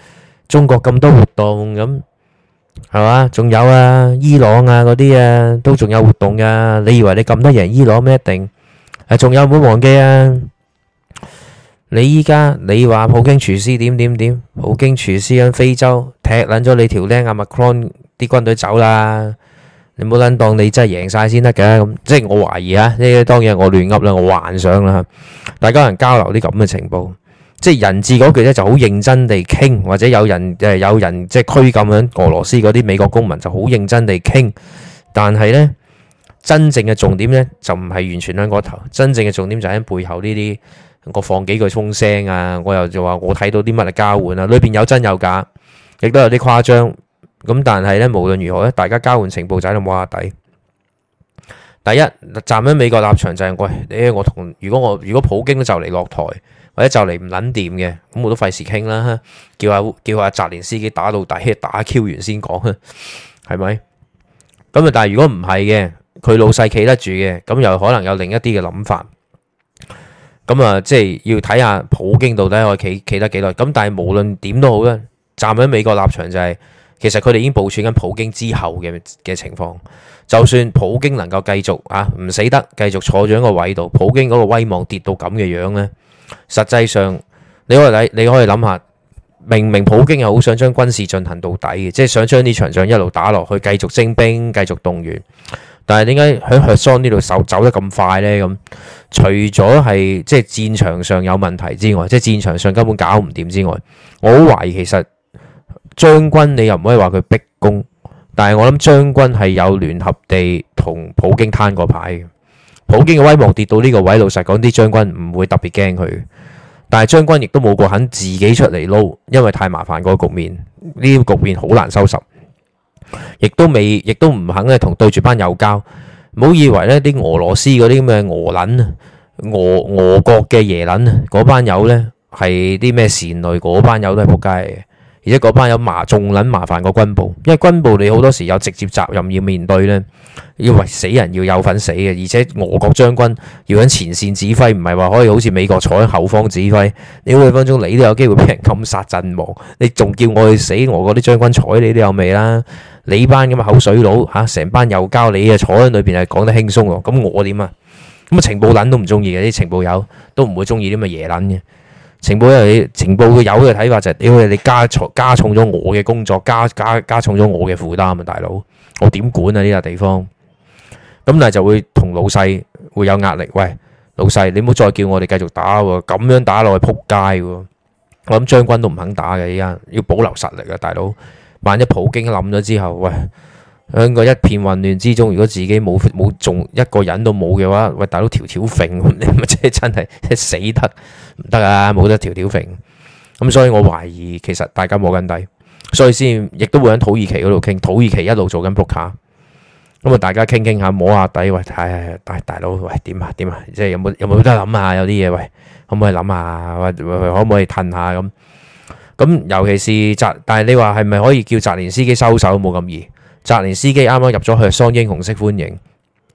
中國咁多活動咁係嘛？仲有啊，伊朗啊嗰啲啊都仲有活動噶。你以為你咁多人伊朗咩？定誒？仲有唔好忘記啊！你依家你話普京廚師點點點？普京廚師喺非洲踢捻咗你條僆阿 Macron 啲軍隊走啦！你唔好捻當你真係贏晒先得嘅，咁，即係我懷疑啊！呢啲當然我亂噏啦，我幻想啦，大家人交流啲咁嘅情報。即係人質嗰句咧就好認真地傾，或者有人誒、呃、有人即係拘禁緊俄羅斯嗰啲美國公民就好認真地傾。但係咧，真正嘅重點咧就唔係完全喺嗰頭，真正嘅重點就喺背後呢啲。我放幾句風聲啊，我又就話我睇到啲乜嚟交換啊，裏邊有真有假，亦都有啲誇張。咁但係咧，無論如何咧，大家交換情報仔都冇阿底。第一，站喺美國立場就係、是哎、我，因為我同如果我如果普京就嚟落台，或者就嚟唔捻掂嘅，咁我都費事傾啦。叫阿叫阿澤連斯基打到底，打 Q 完先講，係咪？咁啊，但係如果唔係嘅，佢老細企得住嘅，咁又可能有另一啲嘅諗法。咁啊，即係要睇下普京到底可以企企得幾耐。咁但係無論點都好啦，站喺美國立場就係，其實佢哋已經部署緊普京之後嘅嘅情況。就算普京能夠繼續啊唔死得，繼續坐住一個位度，普京嗰個威望跌到咁嘅樣咧。實際上你可以睇，你可以諗下，明明普京又好想將軍事進行到底嘅，即係想將呢場仗一路打落去，繼續徵兵，繼續動員。但係點解喺赫桑呢度走走得咁快呢？咁除咗係即係戰場上有問題之外，即係戰場上根本搞唔掂之外，我好懷疑其實將軍，你又唔可以話佢逼宮。但係我諗將軍係有聯合地同普京攤過牌。普京嘅威望跌到呢個位，老實講，啲將軍唔會特別驚佢，但係將軍亦都冇個肯自己出嚟撈，因為太麻煩個局面，呢個局面好難收拾，亦都未，亦都唔肯係同對住班友交。唔好以為咧啲俄羅斯嗰啲咁嘅俄撚、俄俄國嘅耶撚，嗰班友咧係啲咩善類，嗰班友都係仆街嘅。而家嗰班有麻仲撚麻煩個軍部，因為軍部你好多時有直接責任要面對咧，要為死人要有份死嘅。而且俄國將軍要喺前線指揮，唔係話可以好似美國坐喺後方指揮。你嗰幾分鐘你都有機會俾人暗殺陣亡，你仲叫我去死，俄國啲將軍睬你都有味啦。你班咁嘅口水佬嚇，成班又交你啊，坐喺裏邊係講得輕鬆喎。咁我點啊？咁啊情報撚都唔中意嘅，啲情報友都唔會中意啲咁嘅嘢撚嘅。情報，因為情報嘅有嘅睇法就係，屌你加重加重咗我嘅工作，加加加重咗我嘅負擔啊，大佬，我點管啊呢笪地方？咁但係就會同老細會有壓力，喂，老細你唔好再叫我哋繼續打喎，咁樣打落去扑街喎，我諗將軍都唔肯打嘅，依家要保留實力啊，大佬，萬一普京諗咗之後，喂。喺個一片混亂之中，如果自己冇冇，仲一個人都冇嘅話，喂，大佬，條條揈，你咪即係真係死得唔得啊！冇得條條揈咁，所以我懷疑其實大家摸緊底，所以先亦都會喺土耳其嗰度傾。土耳其一路做緊撲克咁啊，大家傾傾下摸下底喂，係大大佬喂點啊點啊，即係有冇有冇得諗下？有啲嘢，喂可唔可以諗下？喂，可唔可以褪下咁咁？尤其是雜，但係你話係咪可以叫澤連司機收手冇咁易？澤連斯基啱啱入咗去，雙英雄式歡迎，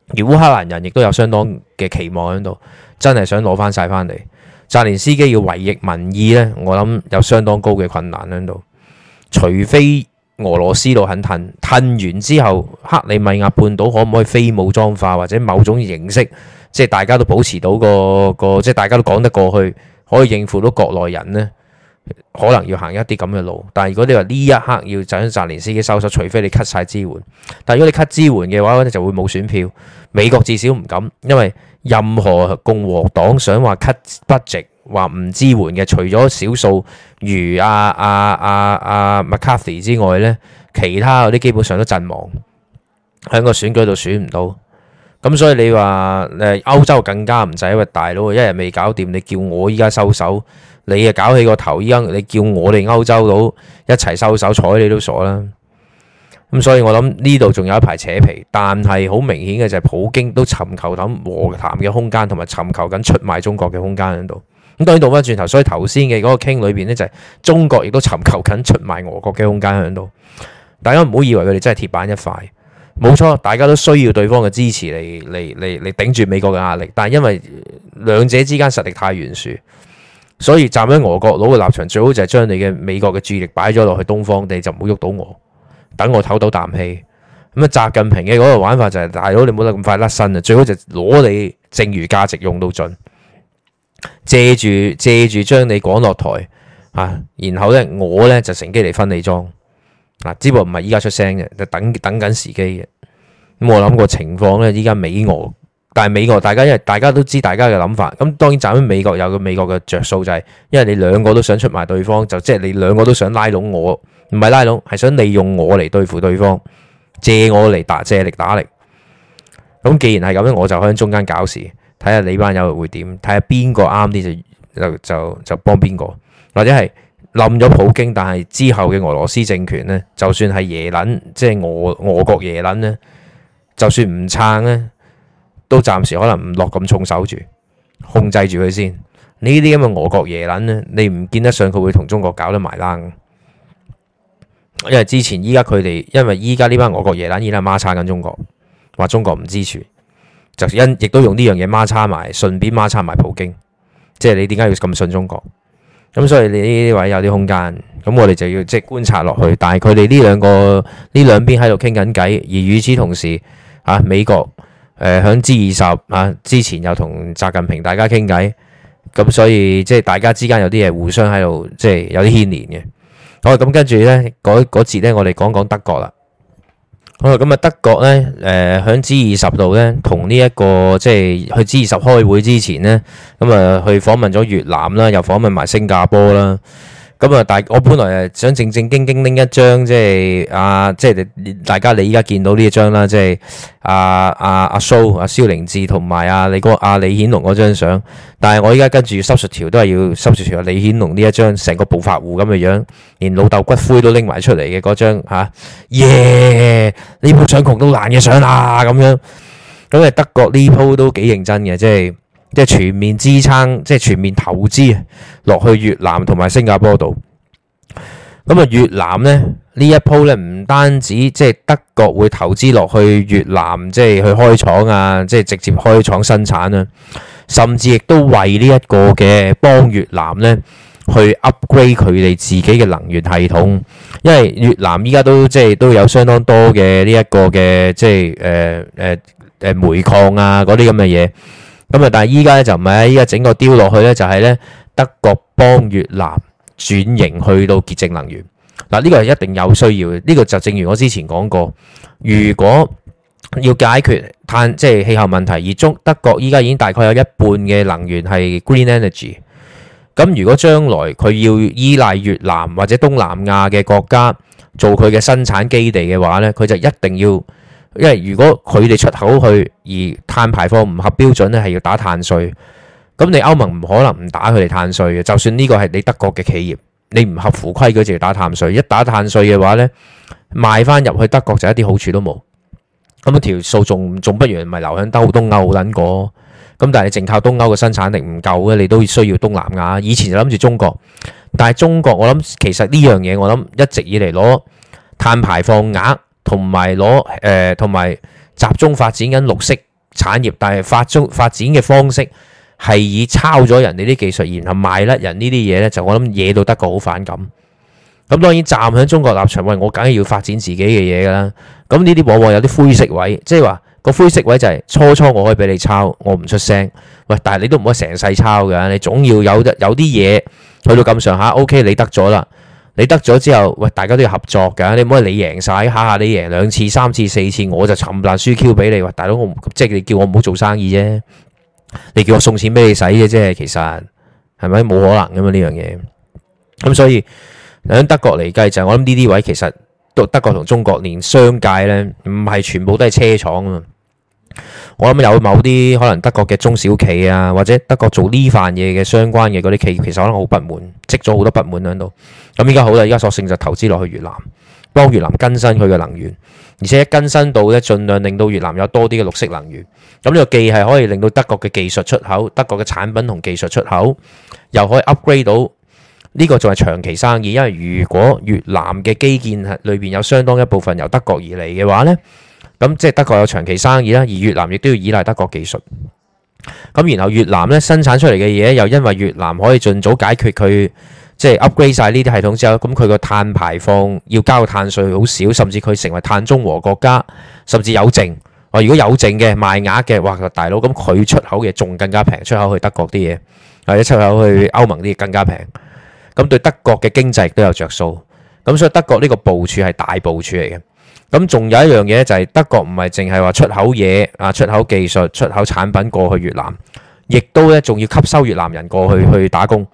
而烏克蘭人亦都有相當嘅期望喺度，真係想攞翻晒翻嚟。澤連斯基要維譯民意呢，我諗有相當高嘅困難喺度，除非俄羅斯度肯褪，褪完之後，克里米亞半島可唔可以非武裝化或者某種形式，即係大家都保持到個個，即係大家都講得過去，可以應付到國內人呢。可能要行一啲咁嘅路，但係如果你話呢一刻要澤連斯基收手，除非你 cut 晒支援，但如果你 cut 支援嘅話，我就會冇選票。美國至少唔敢，因為任何共和黨想話 cut budget 話唔支援嘅，除咗少數如阿阿阿阿 McCarthy 之外咧，其他嗰啲基本上都陣亡，喺個選舉度選唔到。咁所以你話誒，歐洲更加唔使話大佬，一日未搞掂，你叫我依家收手？你啊搞起個頭，依家你叫我哋歐洲佬一齊收手，睬你都傻啦。咁、嗯、所以我諗呢度仲有一排扯皮，但係好明顯嘅就係普京都尋求緊和談嘅空間，同埋尋求緊出賣中國嘅空間喺度。咁、嗯、當然倒翻轉頭，所以頭先嘅嗰個傾裏邊呢，就係、是、中國亦都尋求緊出賣俄國嘅空間喺度。大家唔好以為佢哋真係鐵板一塊，冇錯，大家都需要對方嘅支持嚟嚟嚟嚟頂住美國嘅壓力，但係因為兩者之間實力太懸殊。所以站喺俄國佬嘅立場，最好就係將你嘅美國嘅注意力擺咗落去東方地，就唔好喐到我，等我唞到啖氣。咁啊，習近平嘅嗰個玩法就係、是：大佬你冇得咁快甩身啊，最好就攞你剩餘價值用到盡，借住借住將你趕落台啊，然後咧我咧就乘機嚟分你莊。嗱、啊，呢個唔係依家出聲嘅，就是、等等緊時機嘅。咁我諗個情況咧，依家美俄。但係美國，大家因為大家都知大家嘅諗法，咁當然站喺美國有個美國嘅着數就係，因為你兩個都想出賣對方，就即係你兩個都想拉攏我，唔係拉攏，係想利用我嚟對付對方，借我嚟打借力打力。咁既然係咁樣，我就喺中間搞事，睇下你班友會點，睇下邊個啱啲就就就就幫邊個，或者係冧咗普京，但係之後嘅俄羅斯政權呢，就算係耶倫，即係俄俄國耶倫呢，就算唔撐呢。都暫時可能唔落咁重手住，控制住佢先。呢啲咁嘅俄國野撚咧，你唔見得上佢會同中國搞得埋冷。因為之前依家佢哋，因為依家呢班俄國野已經係孖叉緊中國，話中國唔支持，就因亦都用呢樣嘢孖叉埋，順便孖叉埋普京。即係你點解要咁信中國？咁所以你呢啲位有啲空間，咁我哋就要即係觀察落去。但係佢哋呢兩個呢兩邊喺度傾緊偈，而與此同時，嚇、啊、美國。誒，喺、呃、G 二十啊，之前又同習近平大家傾偈，咁、啊、所以即係大家之間有啲嘢互相喺度，即係有啲牽連嘅。好、嗯、哦，咁跟住咧，嗰嗰節咧，我哋講講德國啦。哦、嗯，咁、嗯、啊，德國咧，誒、呃，喺 G 二十度咧，同呢、這、一個即係去 G 二十開會之前咧，咁、嗯、啊、嗯、去訪問咗越南啦，又訪問埋新加坡啦。啊咁啊！大我本來誒想正正經經拎一張，就是啊、即係阿即係大家你依家見到呢一張啦，即係阿阿阿蘇阿蕭凌志同埋阿李哥阿、啊、李顯龍嗰張相，但係我依家跟住濕水條都係要濕水條李顯龍呢一張成個暴發戶咁嘅樣，樣，連老豆骨灰都拎埋出嚟嘅嗰張吓，耶、啊！呢、yeah, 鋪相窮都爛嘅相啦、啊、咁樣，咁啊德國呢鋪都幾認真嘅，即、就、係、是。即係全面支撐，即係全面投資落去越南同埋新加坡度咁啊。越南咧呢一鋪咧，唔單止即係德國會投資落去越南，即係去開廠啊，即係直接開廠生產啊，甚至亦都為呢一個嘅幫越南咧去 upgrade 佢哋自己嘅能源系統，因為越南依家都即係都有相當多嘅呢一個嘅即係誒誒誒煤礦啊嗰啲咁嘅嘢。咁啊！但係依家咧就唔係，依家整個丟落去咧就係咧德國幫越南轉型去到潔淨能源。嗱，呢個係一定有需要嘅。呢個就正如我之前講過，如果要解決碳即係氣候問題，而中德國依家已經大概有一半嘅能源係 green energy。咁如果將來佢要依賴越南或者東南亞嘅國家做佢嘅生產基地嘅話咧，佢就一定要。因為如果佢哋出口去而碳排放唔合標準咧，係要打碳稅。咁你歐盟唔可能唔打佢哋碳稅嘅。就算呢個係你德國嘅企業，你唔合乎規嗰時要打碳稅，一打碳稅嘅話咧，賣翻入去德國就一啲好處都冇。咁條數仲仲不如咪留響東歐好撚過。咁但係你淨靠東歐嘅生產力唔夠咧，你都需要東南亞。以前就諗住中國，但係中國我諗其實呢樣嘢我諗一直以嚟攞碳排放額。同埋攞誒，同埋、呃、集中發展緊綠色產業，但係發,發展發展嘅方式係以抄咗人哋啲技術，然後賣甩人呢啲嘢咧，就我諗嘢到德國好反感。咁當然站喺中國立場，喂，我梗係要發展自己嘅嘢㗎啦。咁呢啲往往有啲灰色位，即係話個灰色位就係、是、初初我可以俾你抄，我唔出聲。喂，但係你都唔可以成世抄㗎，你總要有得有啲嘢去到咁上下，OK，你得咗啦。你得咗之後，喂，大家都要合作噶，你唔可以你贏晒，下下你贏兩次、三次、四次，我就沉爛輸 Q 俾你。喂，大佬，我即係你叫我唔好做生意啫，你叫我送錢俾你使啫，其實係咪？冇可能噶嘛呢樣嘢。咁、嗯、所以喺德國嚟計就係，我諗呢啲位其實都德國同中國連商界咧，唔係全部都係車廠啊嘛。我諗有某啲可能德國嘅中小企啊，或者德國做呢份嘢嘅，相關嘅嗰啲企業，其實可能好不滿，積咗好多不滿喺度。咁依家好啦，依家索性就投資落去越南，幫越南更新佢嘅能源，而且一更新到咧，盡量令到越南有多啲嘅綠色能源。咁呢個既係可以令到德國嘅技術出口，德國嘅產品同技術出口，又可以 upgrade 到呢個，仲係長期生意。因為如果越南嘅基建係裏邊有相當一部分由德國而嚟嘅話呢。咁即係德國有長期生意啦，而越南亦都要依賴德國技術。咁然後越南咧生產出嚟嘅嘢，又因為越南可以盡早解決佢即係 upgrade 晒呢啲系統之後，咁佢個碳排放要交碳稅好少，甚至佢成為碳中和國家，甚至有剩。啊，如果有剩嘅賣額嘅，哇大佬，咁佢出口嘅仲更加平，出口去德國啲嘢，或者出口去歐盟啲嘢更加平。咁對德國嘅經濟都有着數。咁所以德國呢個部署係大部署嚟嘅。咁仲有一樣嘢，就係德國唔係淨係話出口嘢啊，出口技術、出口產品過去越南，亦都咧，仲要吸收越南人過去去打工。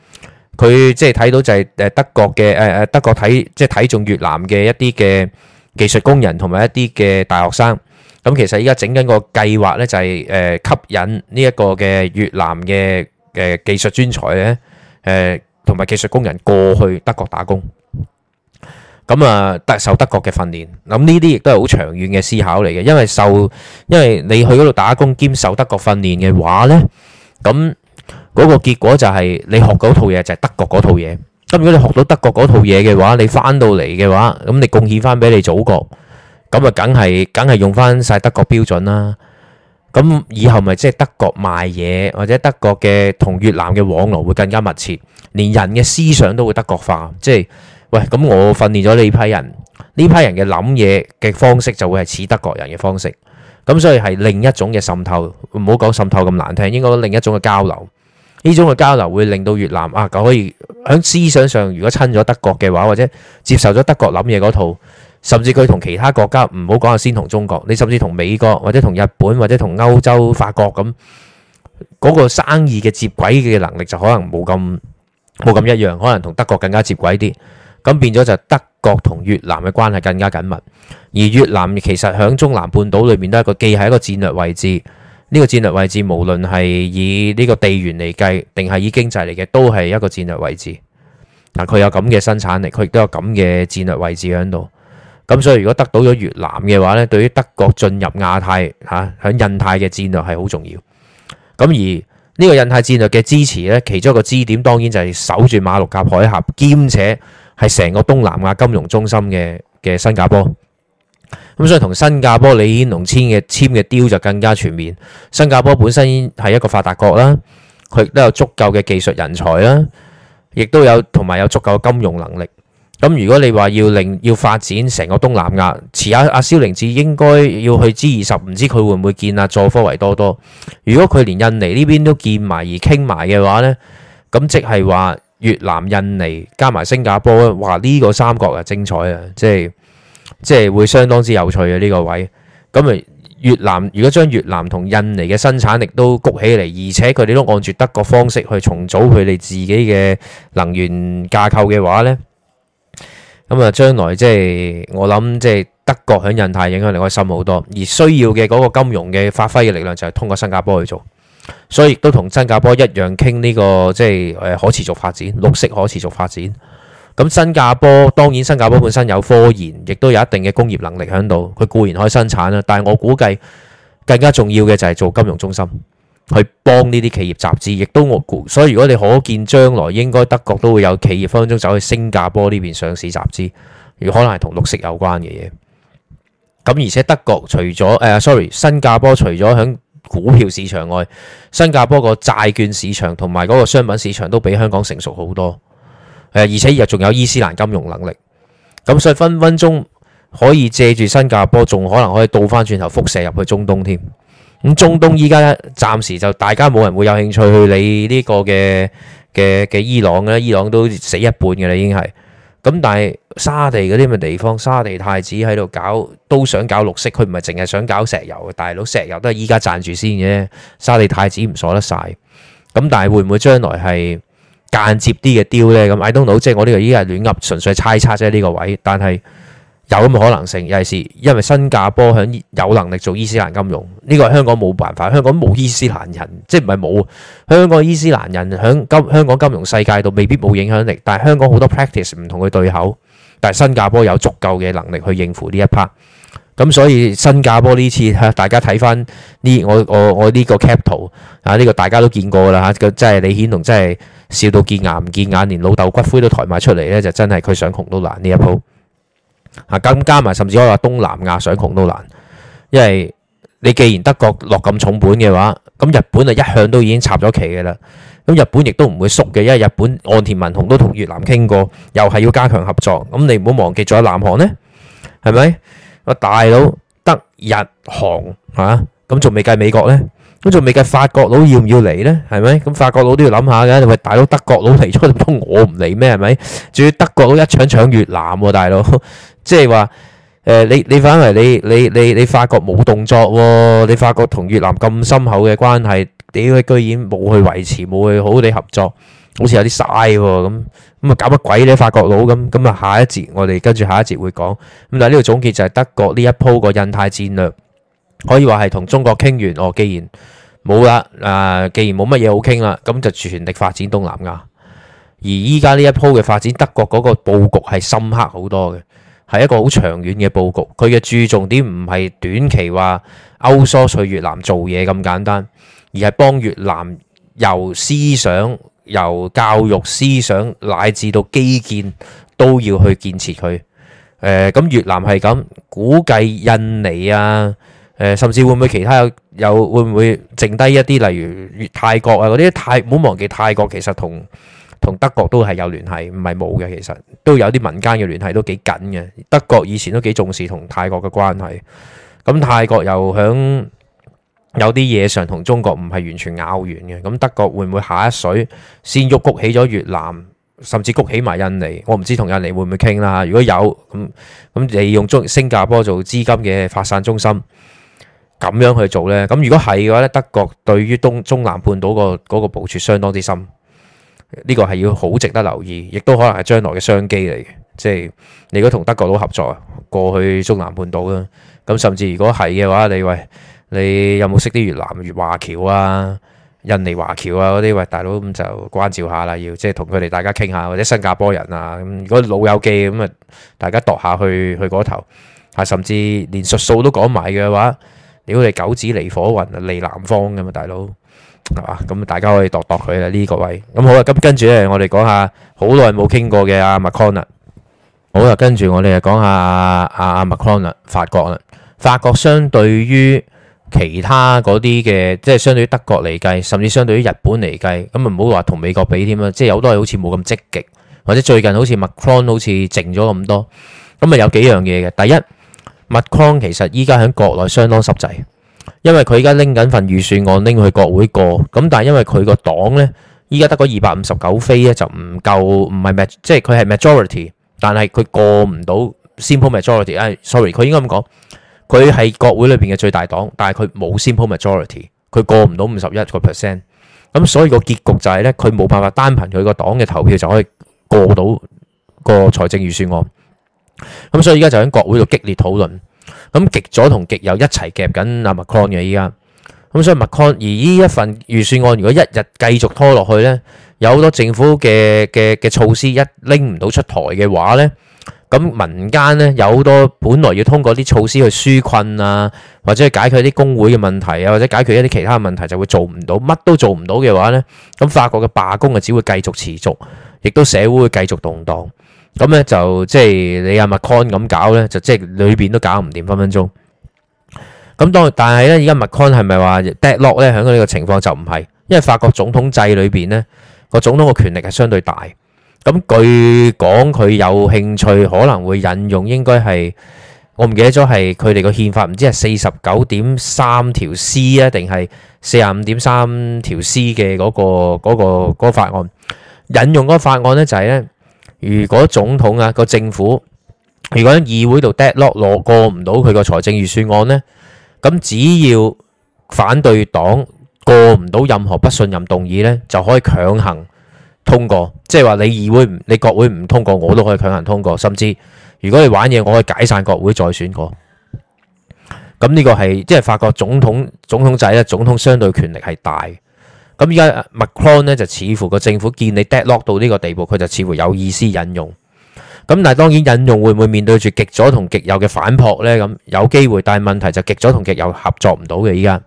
佢即係睇到就係誒德國嘅誒誒德國睇即係睇中越南嘅一啲嘅技術工人同埋一啲嘅大學生。咁其實依家整緊個計劃咧，就係誒吸引呢一個嘅越南嘅誒技術專才咧誒同埋技術工人過去德國打工。咁啊，德受德國嘅訓練，咁呢啲亦都係好長遠嘅思考嚟嘅，因為受，因為你去嗰度打工兼受德國訓練嘅話呢，咁嗰個結果就係你學嗰套嘢就係德國嗰套嘢。咁如果你學到德國嗰套嘢嘅話，你翻到嚟嘅話，咁你貢獻翻俾你祖國，咁啊，梗係梗係用翻曬德國標準啦。咁以後咪即係德國賣嘢，或者德國嘅同越南嘅往來會更加密切，連人嘅思想都會德國化，即係。喂，咁我訓練咗呢批人，呢批人嘅諗嘢嘅方式就會係似德國人嘅方式。咁所以係另一種嘅滲透，唔好講滲透咁難聽，應該另一種嘅交流。呢種嘅交流會令到越南啊，可以喺思想上，如果親咗德國嘅話，或者接受咗德國諗嘢嗰套，甚至佢同其他國家唔好講啊，先同中國，你甚至同美國或者同日本或者同歐洲法國咁，嗰個生意嘅接軌嘅能力就可能冇咁冇咁一樣，可能同德國更加接軌啲。咁變咗就德國同越南嘅關係更加緊密，而越南其實喺中南半島裏面都係一個既係一個戰略位置。呢個戰略位置無論係以呢個地緣嚟計，定係以經濟嚟嘅，都係一個戰略位置。但佢有咁嘅生產力，佢亦都有咁嘅戰略位置喺度。咁所以如果得到咗越南嘅話呢，對於德國進入亞太嚇喺印太嘅戰略係好重要。咁而呢個印太戰略嘅支持呢，其中一個支點當然就係守住馬六甲海峽，兼且，係成個東南亞金融中心嘅嘅新加坡，咁所以同新加坡李顯龍簽嘅簽嘅 deal 就更加全面。新加坡本身係一個發達國啦，佢都有足夠嘅技術人才啦，亦都有同埋有足夠嘅金融能力。咁如果你話要令要發展成個東南亞，遲下阿蕭凌志應該要去 G20，唔知佢會唔會見阿佐科維多多？如果佢連印尼呢邊都見埋而傾埋嘅話呢，咁即係話。越南、印尼加埋新加坡，哇！呢個三國啊，精彩啊，即係即係會相當之有趣啊。呢個位。咁啊，越南如果將越南同印尼嘅生產力都谷起嚟，而且佢哋都按住德國方式去重組佢哋自己嘅能源架構嘅話呢咁啊，將來即係我諗，即係德國響印太影響力可以深好多，而需要嘅嗰個金融嘅發揮嘅力量就係通過新加坡去做。所以亦都同新加坡一樣傾呢個即係誒可持續發展，綠色可持續發展。咁新加坡當然新加坡本身有科研，亦都有一定嘅工業能力喺度，佢固然可以生產啦。但係我估計更加重要嘅就係做金融中心，去幫呢啲企業集資，亦都我估。所以如果你可見將來應該德國都會有企業分分鐘走去新加坡呢邊上市集資，有可能係同綠色有關嘅嘢。咁而且德國除咗誒、啊，sorry，新加坡除咗響股票市場外，新加坡個債券市場同埋嗰個商品市場都比香港成熟好多，誒，而且又仲有伊斯蘭金融能力，咁所以分分鐘可以借住新加坡，仲可能可以倒返轉頭輻射入去中東添。咁中東依家暫時就大家冇人會有興趣去理呢個嘅嘅嘅伊朗咧，伊朗都死一半嘅啦，已經係。咁但係沙地嗰啲咁嘅地方，沙地太子喺度搞都想搞綠色，佢唔係淨係想搞石油嘅大佬，石油都係依家賺住先嘅，沙地太子唔鎖得晒。咁但係會唔會將來係間接啲嘅 deal 呢？咁 I don't know 即係我呢、就是、個依家亂噏，純粹猜測啫呢個位，但係。有咁嘅可能性，尤其係，因為新加坡響有能力做伊斯蘭金融，呢個係香港冇辦法，香港冇伊斯蘭人，即係唔係冇啊？香港伊斯蘭人響金香港金融世界度未必冇影響力，但係香港好多 practice 唔同嘅對口，但係新加坡有足夠嘅能力去應付呢一 part。咁所以新加坡呢次嚇，大家睇翻呢我我我呢個 cap 圖啊，呢、呢個大家都見過啦嚇，即、啊、係李顯龍真係笑到見牙唔見眼，連老豆骨灰都抬埋出嚟咧，就真係佢想窮都難呢一鋪。嚇，咁加埋，甚至可以話東南亞想窮都難，因為你既然德國落咁重本嘅話，咁日本啊，一向都已經插咗旗嘅啦。咁日本亦都唔會縮嘅，因為日本岸田文雄都同越南傾過，又係要加強合作。咁你唔好忘記，仲有南韓咧，係咪？啊，大佬德日韓嚇，咁仲未計美國咧，咁仲未計法國佬要唔要嚟咧？係咪？咁法國佬都要諗下㗎。喂，大佬德國佬嚟咗，唔通我唔嚟咩？係咪？仲要德國佬一搶搶越南喎，大佬。即係話誒，你你反而你你你你發覺冇動作，你發覺同越南咁深厚嘅關係，你居然冇去維持，冇去好好地合作，好似有啲嘥咁咁啊，搞乜鬼咧？法國佬咁咁啊，下一節我哋跟住下一節會講咁、嗯。但係呢個總結就係德國呢一鋪個印太戰略可以話係同中國傾完哦，既然冇啦誒，既然冇乜嘢好傾啦，咁就全力發展東南亞。而依家呢一鋪嘅發展，德國嗰個布局係深刻好多嘅。係一個好長遠嘅佈局，佢嘅注重點唔係短期話 outsource 去越南做嘢咁簡單，而係幫越南由思想、由教育思想乃至到基建都要去建設佢。誒、呃，咁越南係咁，估計印尼啊，誒、呃，甚至會唔會其他有有會唔會剩低一啲，例如泰國啊嗰啲泰，唔好忘記泰國其實同，同德國都係有聯繫，唔係冇嘅。其實都有啲民間嘅聯繫都幾緊嘅。德國以前都幾重視同泰國嘅關係。咁泰國又響有啲嘢上同中國唔係完全拗完嘅。咁德國會唔會下一水先喐谷起咗越南，甚至谷起埋印尼？我唔知同印尼會唔會傾啦。如果有咁咁，利用中新加坡做資金嘅發散中心，咁樣去做咧。咁如果係嘅話咧，德國對於東中南半島個嗰個部署相當之深。呢個係要好值得留意，亦都可能係將來嘅商機嚟嘅。即係你如果同德國佬合作，過去中南半島啦，咁甚至如果係嘅話，你喂，你有冇識啲越南越華僑啊、印尼華僑啊嗰啲？喂，大佬咁就關照下啦，要即係同佢哋大家傾下，或者新加坡人啊咁。如果老友記咁啊，大家度下去去嗰頭，啊，甚至連術數都講埋嘅話，你我哋九子離火雲九紫離火運啊，離南方噶嘛，大佬。係咁、啊、大家可以度度佢啦呢個位。咁、嗯、好啦，咁跟住咧，我哋講下好耐冇傾過嘅阿 Macron。好啦，跟住我哋就講下阿、啊啊、Macron 啦，法國啦。法國相對於其他嗰啲嘅，即係相對於德國嚟計，甚至相對於日本嚟計，咁唔好話同美國比添啦。即係好多係好似冇咁積極，或者最近好似 Macron 好似靜咗咁多。咁啊有幾樣嘢嘅，第一，Macron 其實依家喺國內相當實際。因為佢依家拎緊份預算案拎去國會過咁，但係因為佢個黨咧，依家得嗰二百五十九飛咧就唔夠，唔係 m 即係佢係 majority，但係佢過唔到 simple majority。誒，sorry，佢應該咁講，佢係國會裏邊嘅最大黨，但係佢冇 simple majority，佢過唔到五十一個 percent。咁所以個結局就係、是、咧，佢冇辦法單憑佢個黨嘅投票就可以過到個財政預算案。咁所以而家就喺國會度激烈討論。咁極左同極右一齊夾緊 Macron 嘅，依家咁所以 Macron 而呢一份預算案如果一日繼續拖落去呢，有好多政府嘅嘅嘅措施一拎唔到出台嘅話呢，咁民間呢，有好多本來要通過啲措施去紓困啊，或者去解決啲工會嘅問題啊，或者解決一啲其他嘅問題就會做唔到，乜都做唔到嘅話呢，咁法國嘅罷工啊只會繼續持續，亦都社會會繼續動盪。咁咧就即係你阿 Macron 咁搞咧，就即係裏邊都搞唔掂分分鐘。咁當，但係咧，而家 Macron 係咪話 deadlock 咧？響呢個情況就唔係，因為法國總統制裏邊咧，個總統嘅權力係相對大。咁據講佢有興趣可能會引用，應該係我唔記得咗係佢哋個憲法，唔知係四十九點三條 C 啊，定係四十五點三條 C 嘅嗰個嗰個嗰個法案。引用嗰個法案咧就係咧。如果總統啊個政府，如果喺議會度 deadlock 落，落過唔到佢個財政預算案呢，咁只要反對黨過唔到任何不信任動議呢，就可以強行通過。即係話你議會唔你國會唔通過，我都可以強行通過。甚至如果你玩嘢，我可以解散國會再選過。咁、這、呢個係即係法國總統總統制咧，總統相對權力係大。咁而家 Macron 咧就似乎個政府見你 deadlock 到呢個地步，佢就似乎有意思引用。咁但係當然引用會唔會面對住極左同極右嘅反撲呢？咁有機會，但係問題就極左同極右合作唔到嘅。依家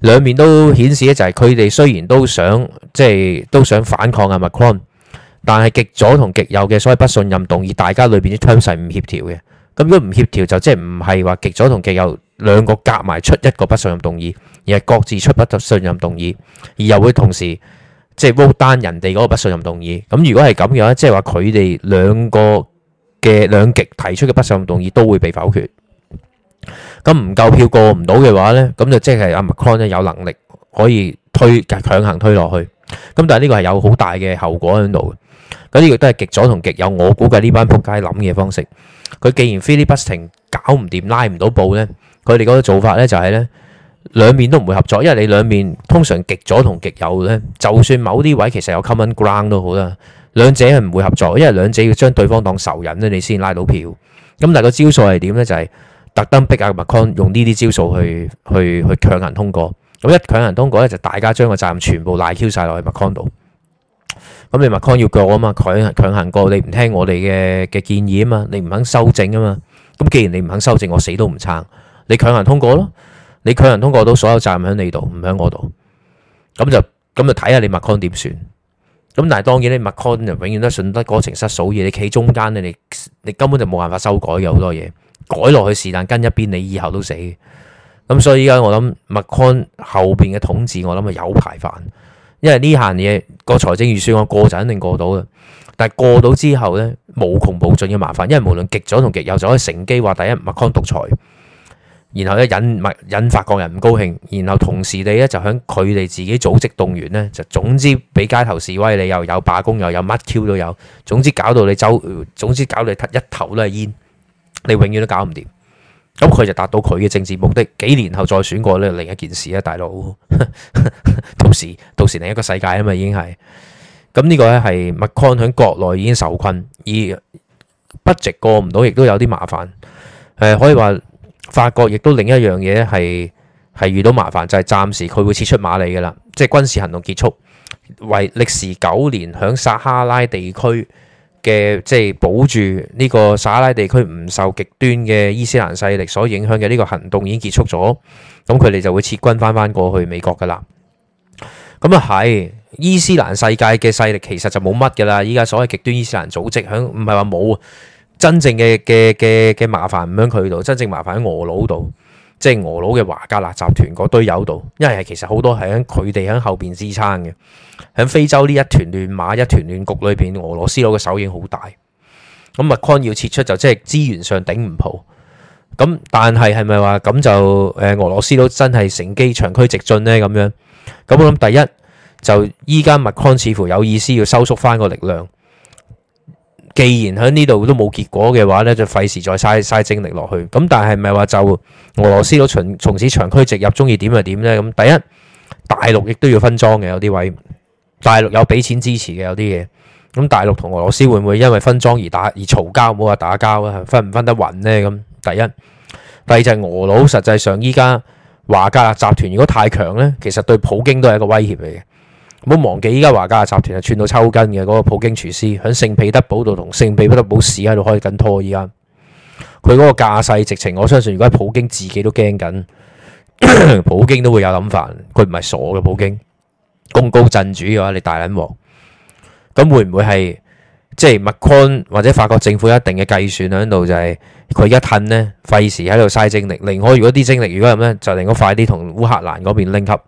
兩面都顯示咧，就係佢哋雖然都想即係都想反抗阿、啊、Macron，但係極左同極右嘅所謂不信任動議，大家裏邊啲趨勢唔協調嘅。咁如果唔協調，就即係唔係話極左同極右兩個夾埋出一個不信任動議？而係各自出不信任動議，而又會同時即係 vote down 人哋嗰個不信任動議。咁如果係咁嘅話，即係話佢哋兩個嘅兩極提出嘅不信任動議都會被否決。咁唔夠票過唔到嘅話咧，咁就即係阿 Macron 咧有能力可以推強行推落去。咁但係呢個係有好大嘅後果喺度嘅。咁呢個都係極左同極右。我估計呢班仆街諗嘅方式，佢既然 filibuster 搞唔掂拉唔到布咧，佢哋嗰個做法咧就係咧。兩面都唔會合作，因為你兩面通常極左同極右咧，就算某啲位其實有 common ground 都好啦，兩者係唔會合作，因為兩者要將對方當仇人咧，你先拉到票。咁但係個招數係點咧？就係特登逼阿麥康用呢啲招數去去去強行通過。咁一強行通過咧，就大家將個責任全部賴 Q 晒落去麥康度。咁你麥康要過啊嘛，強強行過你唔聽我哋嘅嘅建議啊嘛，你唔肯修正啊嘛。咁既然你唔肯修正，我死都唔撐你強行通過咯。你強人通過到所有責任喺你度，唔喺我度，咁就咁就睇下你麥康點算。咁但係當然咧，麥康就永遠都順得哥情失嫂意。你企中間，你你根本就冇辦法修改嘅好多嘢，改落去是但跟一邊，你以後都死。咁所以依家我諗麥康後邊嘅統治，我諗係有排煩，因為呢行嘢個財政預算案過就肯定過到嘅，但係過到之後咧無窮無盡嘅麻煩，因為無論極左同極右，就可以乘機話第一麥康獨裁。然後咧引引發國人唔高興，然後同時你咧就喺佢哋自己組織動員咧，就總之俾街頭示威，你又有罷工又，又有乜 Q 都有，總之搞到你走，總之搞到你一頭都係煙，你永遠都搞唔掂。咁佢就達到佢嘅政治目的，幾年後再選過呢，另一件事啊，大佬。 到時到時另一個世界啊嘛，已經係咁。呢個咧係 Macron 喺國內已經受困，而 budget 過唔到亦都有啲麻煩，誒、呃、可以話。法國亦都另一樣嘢係係遇到麻煩，就係暫時佢會撤出馬里嘅啦，即係軍事行動結束，為歷時九年響撒哈拉地區嘅即係保住呢個撒哈拉地區唔受極端嘅伊斯蘭勢力所影響嘅呢個行動已經結束咗，咁佢哋就會撤軍翻翻過去美國嘅啦。咁啊係伊斯蘭世界嘅勢力其實就冇乜嘅啦，依家所謂極端伊斯蘭組織響唔係話冇真正嘅嘅嘅嘅麻煩唔喺佢度，真正麻煩喺俄佬度，即係俄佬嘅華格納集團嗰堆友度，因為係其實好多係喺佢哋喺後邊支撐嘅。喺非洲呢一團亂馬一團亂局裏邊，俄羅斯佬嘅手影好大。咁麥康要撤出就即係資源上頂唔到。咁但係係咪話咁就誒俄羅斯佬真係乘機長驅直進呢？咁樣？咁我諗第一就依家麥康似乎有意思要收縮翻個力量。既然喺呢度都冇結果嘅話呢，就費事再嘥嘥精力落去。咁但係咪係話就俄羅斯佬從從此長驅直入，中意點就點呢？咁第一，大陸亦都要分贓嘅，有啲位大陸有俾錢支持嘅有啲嘢。咁大陸同俄羅斯會唔會因為分贓而打而嘈交？唔好話打交啊，分唔分得勻呢？咁第一，第二就係俄佬實際上依家華家集團如果太強呢，其實對普京都係一個威脅嚟嘅。唔好忘記依家華格集團係串到抽筋嘅，嗰、嗰個普京廚師喺聖彼得堡度同聖彼得堡市喺度開緊拖依家，佢嗰個架勢直情，我相信如果係普京自己都驚緊， 普京都會有諗法，佢唔係傻嘅普京，功高震主嘅話你大捻鑊，咁會唔會係即係 Macron 或者法國政府一定嘅計算喺度，就係，就係佢而家褪呢，費事喺度嘥精力，寧可如果啲精力如果係咩，就寧可快啲同烏克蘭嗰邊拎 i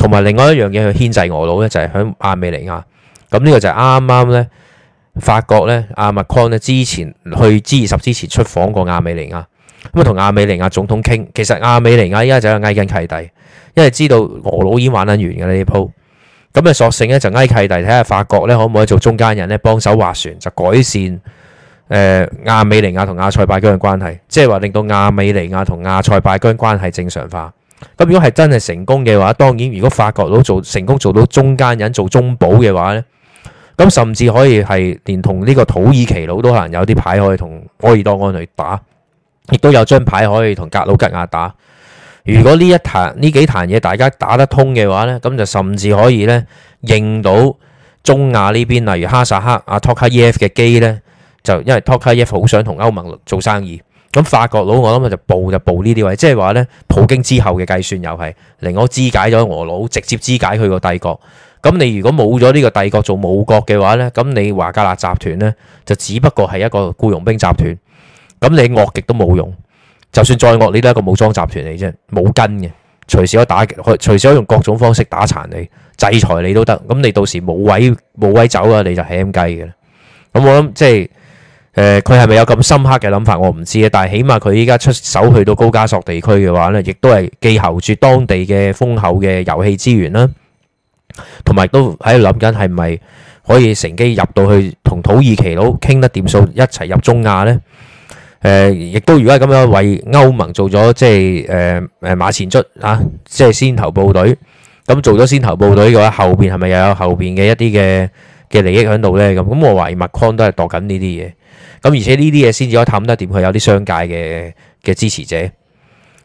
同埋另外一樣嘢去牽制俄佬咧，就係、是、喺亞美尼亞。咁呢個就係啱啱咧法國咧阿麥康咧之前去 G20 之前出訪過亞美尼亞，咁啊同亞美尼亞總統傾。其實亞美尼亞依家就係挨緊契弟，因為知道俄佬已經玩得完㗎呢啲鋪。咁啊索性咧就挨契弟睇下法國咧可唔可以做中間人咧，幫手划船就改善誒、呃、亞美尼亞同亞塞拜疆嘅關係，即係話令到亞美尼亞同亞塞拜疆關係正常化。咁如果係真係成功嘅話，當然如果法國佬做成功做到中間人做中保嘅話呢，咁甚至可以係連同呢個土耳其佬都可能有啲牌可以同埃爾多安去打，亦都有張牌可以同格魯吉亞打。如果呢一壇呢幾壇嘢大家打得通嘅話呢，咁就甚至可以呢認到中亞呢邊，例如哈薩克阿、啊、托卡耶夫嘅機呢，就因為托卡耶夫好想同歐盟做生意。咁法國佬，我諗就步就步呢啲位，即係話咧，普京之後嘅計算又係寧可肢解咗俄佬，直接肢解佢個帝國。咁你如果冇咗呢個帝國做母國嘅話呢，咁你華格納集團呢，就只不過係一個僱傭兵集團，咁你惡極都冇用，就算再惡，你都係一個武裝集團嚟啫，冇根嘅，隨時可以打，隨時可用各種方式打殘你、制裁你都得。咁你到時冇位冇位走啊，你就起 M 雞嘅。咁我諗即係。誒，佢係咪有咁深刻嘅諗法，我唔知啊。但係起碼佢依家出手去到高加索地區嘅話呢，亦都係記候住當地嘅豐厚嘅油氣資源啦，同埋都喺度諗緊係咪可以乘機入到去同土耳其佬傾得掂數，一齊入中亞呢。誒，亦都如果係咁樣為歐盟做咗即係誒誒馬前卒啊，即係先頭部隊咁做咗先頭部隊嘅話，後邊係咪又有後邊嘅一啲嘅嘅利益喺度呢？咁，咁，我懷疑麥康都係度緊呢啲嘢。咁而且呢啲嘢先至可以氹得掂，佢有啲商界嘅嘅支持者。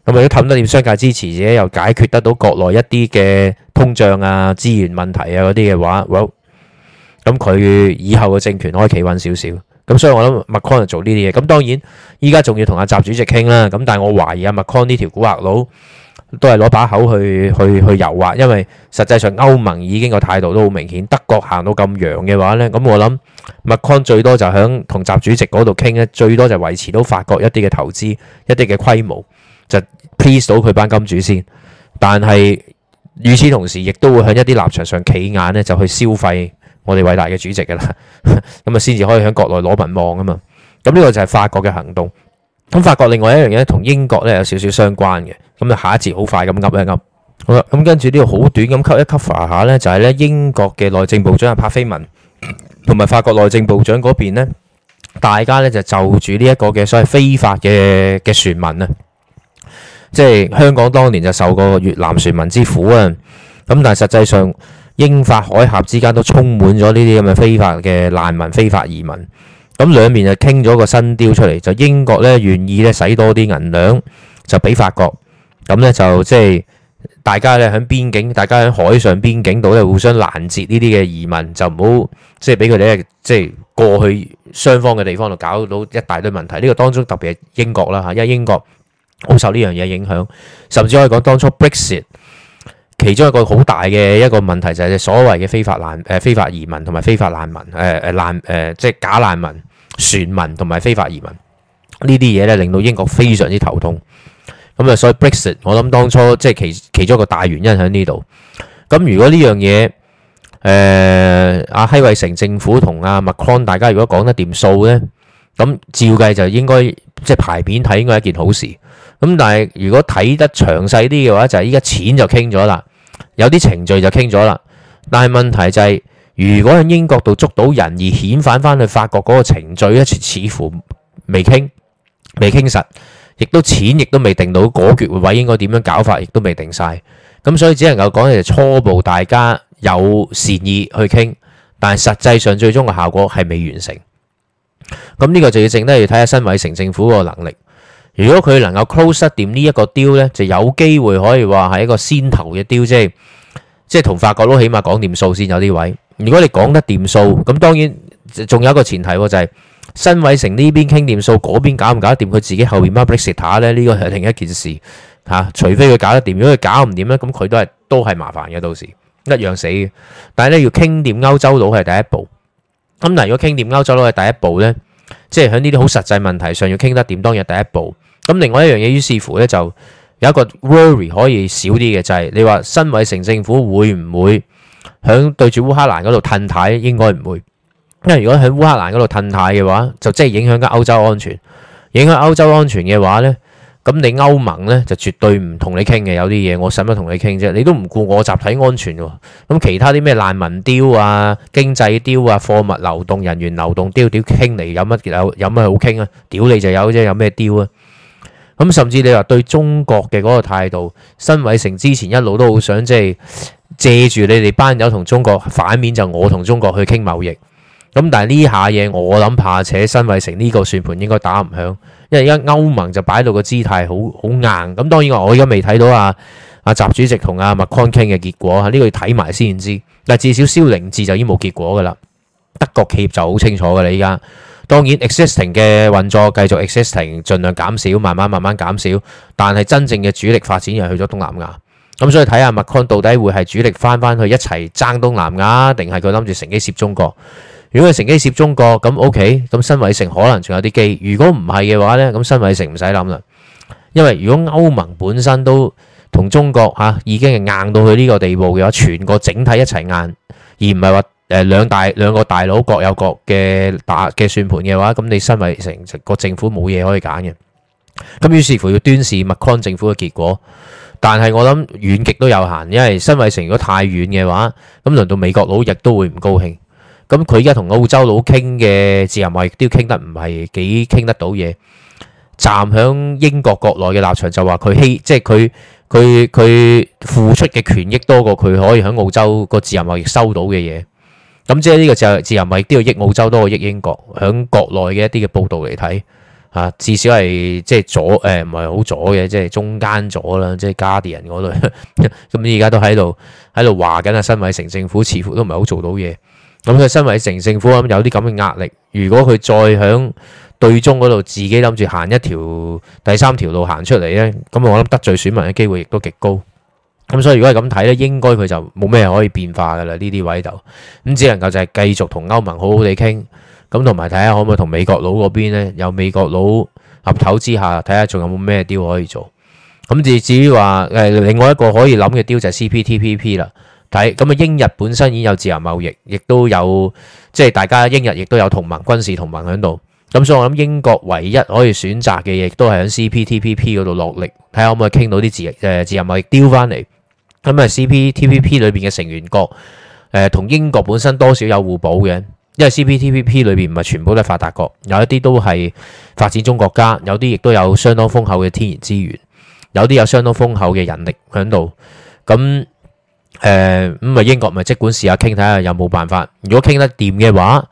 咁如果氹得掂，商界支持者又解決得到國內一啲嘅通脹啊、資源問題啊嗰啲嘅話，咁佢以後嘅政權可以企穩少少。咁所以我諗 m a c o n 做呢啲嘢。咁當然依家仲要同阿習主席傾啦。咁但係我懷疑阿 Macron 呢條古惑佬，都係攞把口去去去遊說，因為實際上歐盟已經個態度都好明顯，德國行到咁樣嘅話呢，咁我諗 Macron 最多就響同習主席嗰度傾咧，最多就維持到法國一啲嘅投資、一啲嘅規模，就 please 到佢班金主先。但係與此同時，亦都會喺一啲立場上企眼咧，就去消費我哋偉大嘅主席噶啦，咁啊先至可以喺國內攞民望啊嘛。咁呢個就係法國嘅行動。咁法國另外一樣嘢同英國咧有少少相關嘅。咁就下一節好快咁噏一噏。好啦，咁跟住呢度好短咁吸一吸下咧，就係咧英國嘅內政部長阿帕菲文，同埋法國內政部長嗰邊咧，大家咧就就住呢一個嘅所謂非法嘅嘅船民啊，即係香港當年就受過越南船民之苦啊。咁但係實際上英法海峽之間都充滿咗呢啲咁嘅非法嘅難民、非法移民。咁兩面就傾咗個新 deal 出嚟，就英國咧願意咧使多啲銀兩，就俾法國。咁咧就即係大家咧喺邊境，大家喺海上邊境度咧互相攔截呢啲嘅移民，就唔好即係俾佢哋即係過去雙方嘅地方度搞到一大堆問題。呢個當中特別係英國啦吓，因為英國好受呢樣嘢影響，甚至可以講當初 Brexit 其中一個好大嘅一個問題就係，所謂嘅非法難誒非法移民同埋非法難民誒誒、呃、難誒、呃、即係假難民、船民同埋非法移民呢啲嘢咧，令到英國非常之頭痛。咁啊，所以 Brexit 我諗當初即係其其，其中一個大原因喺呢度。咁如果呢樣嘢誒阿希惠城政府同阿、啊、Macron 大家如果講得掂數咧，咁照計就應該即係排片睇應該係一件好事。咁但係如果睇得詳細啲嘅話，就係依家錢就傾咗啦，有啲程序就傾咗啦。但係問題就係、是，如果喺英國度捉到人而遣返翻去法國嗰個程序咧，似乎未傾，未傾實，亦都錢亦都未定到嗰決位應該點樣搞法，亦都未定晒。咁所以只能夠講係初步，大家有善意去傾，但係實際上最終嘅效果係未完成。咁呢個就要淨得要睇下新委城政府個能力。如果佢能夠 close 得掂呢一個 deal 呢，就有機會可以話係一個先頭嘅 deal 咧，即係即係同法國佬起碼講掂數先有啲位。如果你講得掂數，咁當然仲有一個前提就係、是、辛偉誠呢邊傾掂數，嗰邊搞唔搞得掂，佢自己後面 m a 呢個係另一件事嚇、啊。除非佢搞得掂，如果佢搞唔掂呢，咁佢都係都係麻煩嘅，到時一樣死嘅。但係咧要傾掂歐洲佬係第一步。咁嗱，如果傾掂歐洲佬係第一步呢，即係喺呢啲好實際問題上要傾得掂，當然係第一步。咁另外一樣嘢，於是乎咧，就有一個 worry 可以少啲嘅就係、是、你話，辛偉誠政府會唔會響對住烏克蘭嗰度褪肽？應該唔會，因為如果響烏克蘭嗰度褪軚嘅話，就即係影響緊歐洲安全。影響歐洲安全嘅話咧，咁你歐盟咧就絕對唔同你傾嘅。有啲嘢我使乜同你傾啫？你都唔顧我集體安全喎。咁其他啲咩難民 deal 啊、經濟 deal 啊、貨物流動、人員流動 deal deal 傾你有乜有有乜好傾啊？Deal 你就有啫，有咩 deal 啊？咁甚至你話對中國嘅嗰個態度，新偉成之前一路都好想即係借住你哋班友同中國反面，就我同中國去傾貿易。咁但係呢下嘢我諗怕，且新偉成呢個算盤應該打唔響，因為而家歐盟就擺到個姿態好好硬。咁當然我而家未睇到阿阿習主席同阿麥康傾嘅結果吓，呢個要睇埋先知。但至少蕭凌志就已經冇結果噶啦，德國企業就好清楚噶啦，依家。當然 existing 嘅運作繼續 existing，盡量減少，慢慢慢慢減少。但係真正嘅主力發展又去咗東南亞。咁所以睇下 Macron 到底會係主力返返去一齊爭東南亞，定係佢諗住乘機涉中國？如果佢乘機涉中國，咁 OK，咁新偉成可能仲有啲機。如果唔係嘅話呢，咁新偉成唔使諗啦。因為如果歐盟本身都同中國已經係硬到去呢個地步嘅話，全個整體一齊硬，而唔係話誒，兩大兩個大佬各有各嘅打嘅算盤嘅話，咁你辛偉誠個政府冇嘢可以揀嘅，咁於是乎要端視 Macron 政府嘅結果。但係我諗遠極都有限，因為辛偉誠如果太遠嘅話，咁輪到美國佬亦都會唔高興。咁佢而家同澳洲佬傾嘅自由貿易都傾得唔係幾傾得到嘢。站響英國國內嘅立場就話佢欺，即係佢佢佢付出嘅權益多過佢可以響澳洲個自由貿易收到嘅嘢。咁即係呢個就自由咪都要益澳洲多過益英國，喺國內嘅一啲嘅報道嚟睇，啊至少係即係左誒唔係好左嘅，即係中間左啦，即係 Guardian 嗰度，咁而家都喺度喺度話緊啊，辛偉誠政府似乎都唔係好做到嘢，咁佢辛偉誠政府咁有啲咁嘅壓力，如果佢再響對中嗰度自己諗住行一條第三條路行出嚟咧，咁我諗得罪選民嘅機會亦都極高。咁所以如果係咁睇咧，應該佢就冇咩可以變化噶啦呢啲位度，咁，只能夠就係繼續同歐盟好好地傾，咁同埋睇下可唔可以同美國佬嗰邊咧，有美國佬合頭之下睇下仲有冇咩 deal 可以做。咁至至於話誒，另外一個可以諗嘅 deal 就係 CPTPP 啦。睇咁啊，英日本身已經有自由貿易，亦都有即係大家英日亦都有同盟、軍事同盟喺度。咁所以我諗英國唯一可以選擇嘅亦都係喺 CPTPP 嗰度落力，睇下可唔可以傾到啲自誒自由貿易 deal 翻嚟。咁啊、嗯、CPTPP 裏邊嘅成員國，誒、呃、同英國本身多少有互補嘅，因為 CPTPP 裏邊唔係全部都係發達國，有一啲都係發展中國家，有啲亦都有相當豐厚嘅天然資源，有啲有相當豐厚嘅人力響度，咁誒咁啊英國咪即管試下傾睇下有冇辦法，如果傾得掂嘅話。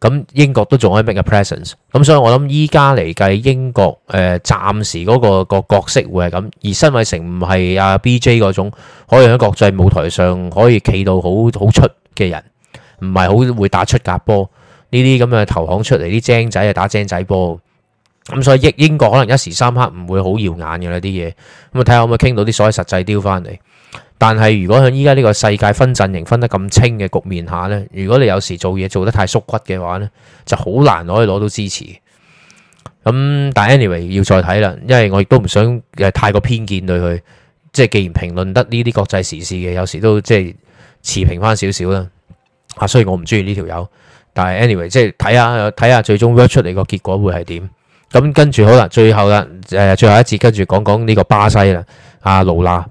咁英國都仲可以 make a presence，咁所以我諗依家嚟計英國誒、呃、暫時嗰、嗰個嗰個角色會係咁，而辛偉誠唔係阿 B J 嗰種可以喺國際舞台上可以企到好好出嘅人，唔係好會打出格波，呢啲咁嘅投行出嚟啲精仔啊打精仔波，咁所以英英國可能一時三刻唔會好耀眼嘅啦啲嘢，咁啊睇下可唔可以傾到啲所謂實際丟翻嚟。但係如果喺依家呢個世界分陣營分得咁清嘅局面下呢，如果你有時做嘢做得太縮骨嘅話呢，就好難可以攞到支持。咁但 anyway 要再睇啦，因為我亦都唔想誒太過偏見對佢。即係既然評論得呢啲國際時事嘅，有時都即係持平翻少少啦。啊，雖然我唔中意呢條友，但係 anyway 即係睇下睇下最終出嚟個結果會係點。咁跟住好啦，最後啦誒最後一節跟住講講呢個巴西啦，阿、啊、盧拉。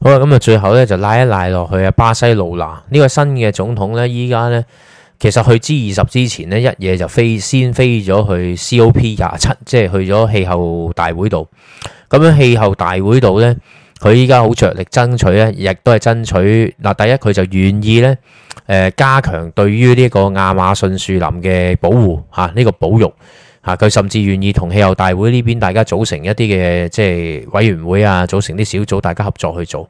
好啦，咁啊，最後咧就拉一拉落去啊，巴西盧拿呢個新嘅總統咧，依家咧其實去 G20 之前呢，一嘢就飛先飛咗去 COP 廿七，即係去咗氣候大會度。咁樣氣候大會度咧，佢依家好着力爭取咧，亦都係爭取嗱，第一佢就願意咧誒、呃、加強對於呢個亞馬遜樹林嘅保護吓，呢、啊這個保育。啊！佢甚至願意同氣候大會呢邊大家組成一啲嘅即係委員會啊，組成啲小組，大家合作去做。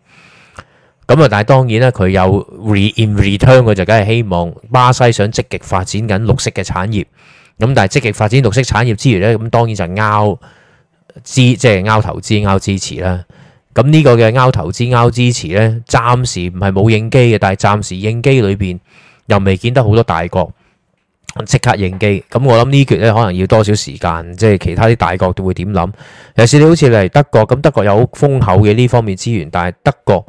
咁啊，但係當然啦，佢有 re in return，佢就梗係希望巴西想積極發展緊綠色嘅產業。咁但係積極發展綠色產業之餘呢，咁當然就拗資，即係拗投資、拗支持啦。咁呢個嘅拗投資、拗支持呢，暫時唔係冇應機嘅，但係暫時應機裏邊又未見得好多大國。即刻應機，咁我諗呢橛咧可能要多少時間，即係其他啲大國都會點諗？尤其是你好似嚟德國，咁德國有豐厚嘅呢方面資源，但係德國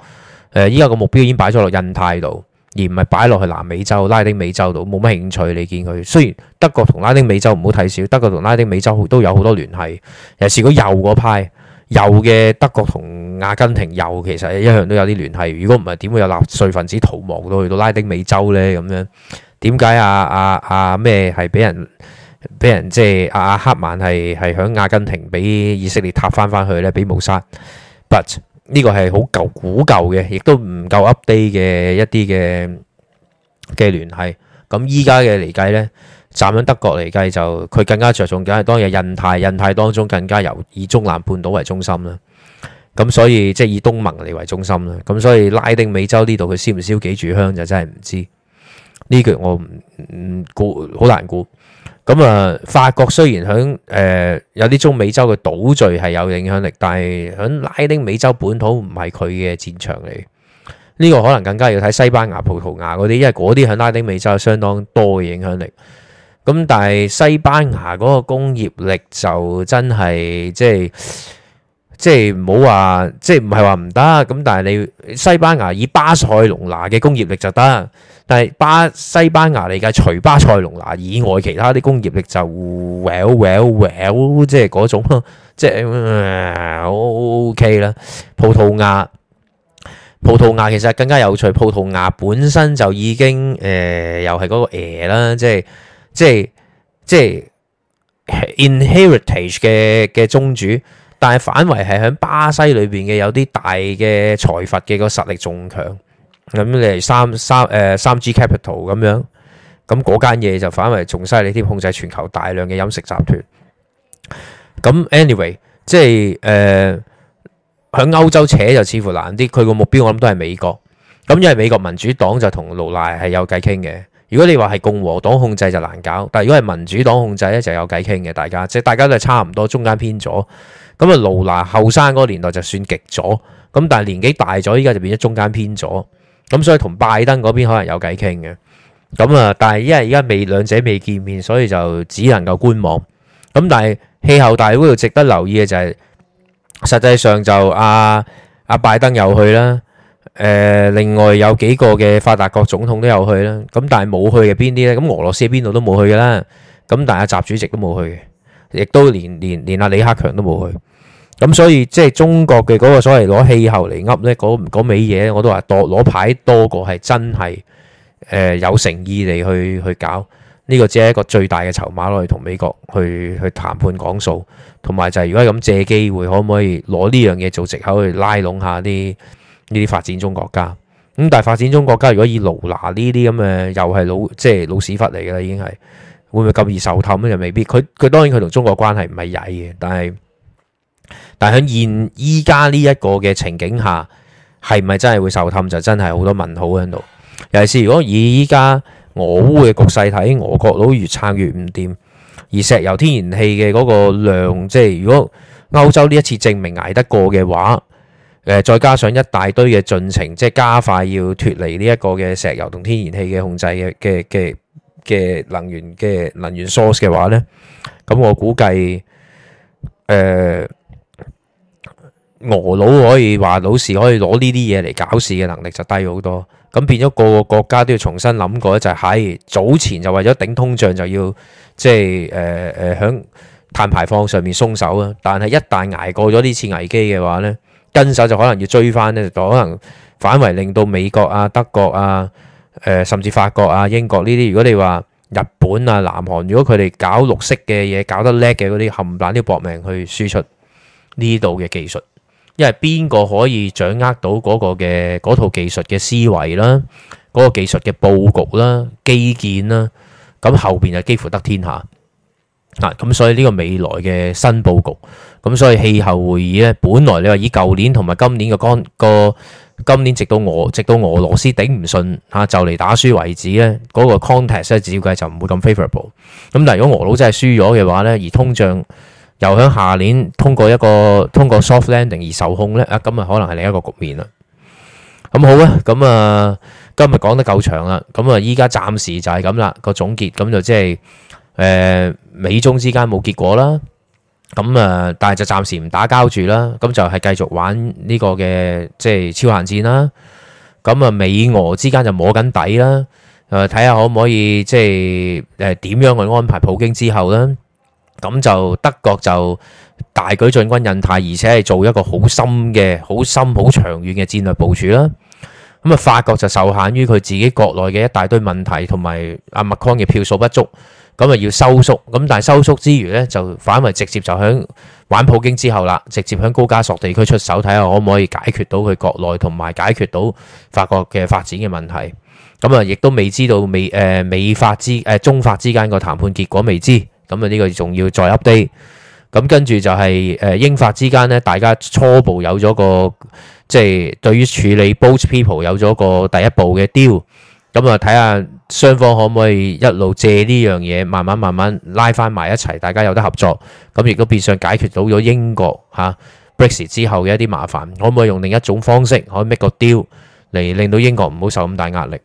誒依家個目標已經擺咗落印太度，而唔係擺落去南美洲拉丁美洲度，冇乜興趣。你見佢雖然德國同拉丁美洲唔好睇少，德國同拉丁美洲都有好多聯繫。尤其是個右嗰派右嘅德國同阿根廷右，其實一樣都有啲聯繫。如果唔係，點會有納粹分子逃亡到去到拉丁美洲呢？咁樣。點解啊啊啊咩係俾人俾人即係啊啊克曼係係響阿根廷俾以色列塔翻翻去咧俾謀殺？But 呢個係好舊古舊嘅，亦都唔夠 update 嘅一啲嘅嘅聯繫。咁依家嘅理解咧，站喺德國嚟計就佢更加着重緊係當然印太，印太當中更加由以中南半島為中心啦。咁所以即係以東盟嚟為中心啦。咁所以拉丁美洲呢度佢燒唔燒幾柱香就真係唔知。呢句我唔唔、嗯、估好難估，咁、嗯、啊法國雖然喺誒、呃、有啲中美洲嘅島嶼係有影響力，但係喺拉丁美洲本土唔係佢嘅戰場嚟。呢、這個可能更加要睇西班牙、葡萄牙嗰啲，因為嗰啲喺拉丁美洲相當多嘅影響力。咁、嗯、但係西班牙嗰個工業力就真係即係。即係唔好話，即係唔係話唔得咁。但係你西班牙以巴塞隆拿嘅工業力就得，但係巴西班牙嚟嘅除巴塞隆拿以外，其他啲工業力就 well well well，即係嗰種即係 ok 啦。葡萄牙葡萄牙其實更加有趣，葡萄牙本身就已經誒、呃，又係嗰個誒啦，即係即係即係 inheritage 嘅嘅宗主。但係反為係喺巴西裏邊嘅有啲大嘅財閥嘅個實力仲強，咁你三三誒三 G Capital 咁樣，咁嗰間嘢就反為仲犀利啲，控制全球大量嘅飲食集團。咁 anyway，即係誒喺歐洲扯就似乎難啲，佢個目標我諗都係美國。咁因為美國民主黨就同盧拉係有偈傾嘅。如果你話係共和黨控制就難搞，但係如果係民主黨控制咧就有偈傾嘅。大家即係大家都係差唔多，中間偏左。咁啊，露娜後生嗰年代就算極左，咁但係年紀大咗，依家就變咗中間偏左，咁所以同拜登嗰邊可能有偈傾嘅，咁啊，但係因為而家未兩者未見面，所以就只能夠觀望。咁但係氣候大會度值得留意嘅就係，實際上就阿阿拜登有去啦，誒，另外有幾個嘅發達國總統都有去啦，咁但係冇去嘅邊啲咧？咁俄羅斯邊度都冇去㗎啦，咁但係阿習主席都冇去。亦都連連連阿李克強都冇去，咁所以即係中國嘅嗰個所謂攞氣候嚟噏咧，嗰尾嘢我都話多攞牌多過係真係誒、呃、有誠意嚟去去搞呢、這個只係一個最大嘅籌碼落去同美國去去談判講數，同埋就係如果咁借機會可唔可以攞呢樣嘢做藉口去拉攏下啲呢啲發展中國家？咁但係發展中國家如果以盧拉呢啲咁嘅又係老即係老屎忽嚟嘅啦，已經係。會唔會咁易受氹咧？就未必。佢佢當然佢同中國關係唔係曳嘅，但係但係喺依家呢一個嘅情景下，係唔係真係會受氹就真係好多問號喺度。尤其是如果以依家俄烏嘅局勢睇，俄國佬越撐越唔掂，而石油、天然氣嘅嗰個量，即係如果歐洲呢一次證明捱得過嘅話，誒、呃，再加上一大堆嘅進程，即係加快要脱離呢一個嘅石油同天然氣嘅控制嘅嘅嘅嘅能源嘅能源 source 嘅話咧，咁我估計，誒俄佬可以話老係可以攞呢啲嘢嚟搞事嘅能力就低好多，咁變咗個個國家都要重新諗過咧，就係早前就為咗頂通脹就要即係誒誒響碳排放上面鬆手啊，但係一旦捱過咗呢次危機嘅話咧，跟手就可能要追翻咧，就可能反為令到美國啊、德國啊。甚至法國啊、英國呢啲，如果你話日本啊、南韓，如果佢哋搞綠色嘅嘢搞得叻嘅嗰啲，冚唪唥都要搏命去輸出呢度嘅技術，因為邊個可以掌握到嗰個嘅嗰套技術嘅思維啦，嗰個技術嘅佈局啦、基建啦，咁後邊就幾乎得天下。嗱，咁、啊、所以呢個未來嘅新布局，咁、啊、所以氣候會議呢，本來你話以舊年同埋今年嘅干個，今年直到俄直到俄羅斯頂唔順吓就嚟打輸為止呢，嗰、啊那個 context、啊、估計就唔會咁 favorable、啊。咁但係如果俄佬真係輸咗嘅話呢，而通脹又響下年通過一個通過 soft landing 而受控呢，啊，咁啊可能係另一個局面啦。咁、啊、好啊，咁啊今日講得夠長啦，咁啊依家暫時就係咁啦個總結，咁就即係誒。啊美中之間冇結果啦，咁啊，但係就暫時唔打交住啦，咁就係繼續玩呢個嘅即係超限戰啦。咁啊，美俄之間就摸緊底啦，誒睇下可唔可以即係誒點樣去安排普京之後呢？咁就德國就大舉進軍印太，而且係做一個好深嘅、好深、好長遠嘅戰略部署啦。咁啊，法國就受限於佢自己國內嘅一大堆問題，同埋阿麥康嘅票數不足。咁啊，要收縮，咁但係收縮之餘呢，就反為直接就喺玩普京之後啦，直接喺高加索地區出手，睇下可唔可以解決到佢國內同埋解決到法國嘅發展嘅問題。咁、嗯、啊，亦都未知道美誒、呃、美法之誒、呃、中法之間個談判結果未知。咁、嗯、啊，呢、這個仲要再 update。咁跟住就係誒英法之間呢，大家初步有咗個即係、就是、對於處理 boat people 有咗個第一步嘅 deal。咁、嗯、啊，睇下。雙方可唔可以一路借呢樣嘢，慢慢慢慢拉翻埋一齊，大家有得合作，咁亦都變相解決到咗英國吓 Brexit 之後嘅一啲麻煩，可唔可以用另一種方式，可以 make 個 deal 嚟令到英國唔好受咁大壓力？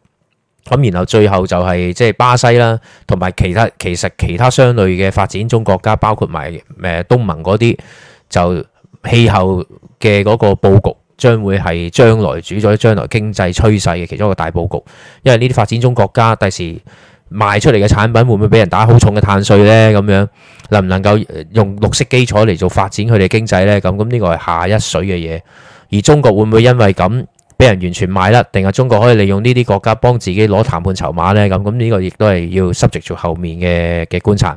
咁、嗯嗯、然後最後就係即係巴西啦，同埋其他其實其他相類嘅發展中國家，包括埋誒、呃、東盟嗰啲，就氣候嘅嗰個佈局。將會係將來主宰將來經濟趨勢嘅其中一個大佈局，因為呢啲發展中國家第時賣出嚟嘅產品會唔會俾人打好重嘅碳稅呢？咁樣能唔能夠用綠色基礎嚟做發展佢哋經濟呢？咁咁呢個係下一水嘅嘢。而中國會唔會因為咁俾人完全賣甩，定係中國可以利用呢啲國家幫自己攞談判籌碼呢？咁咁呢個亦都係要濕積做後面嘅嘅觀察。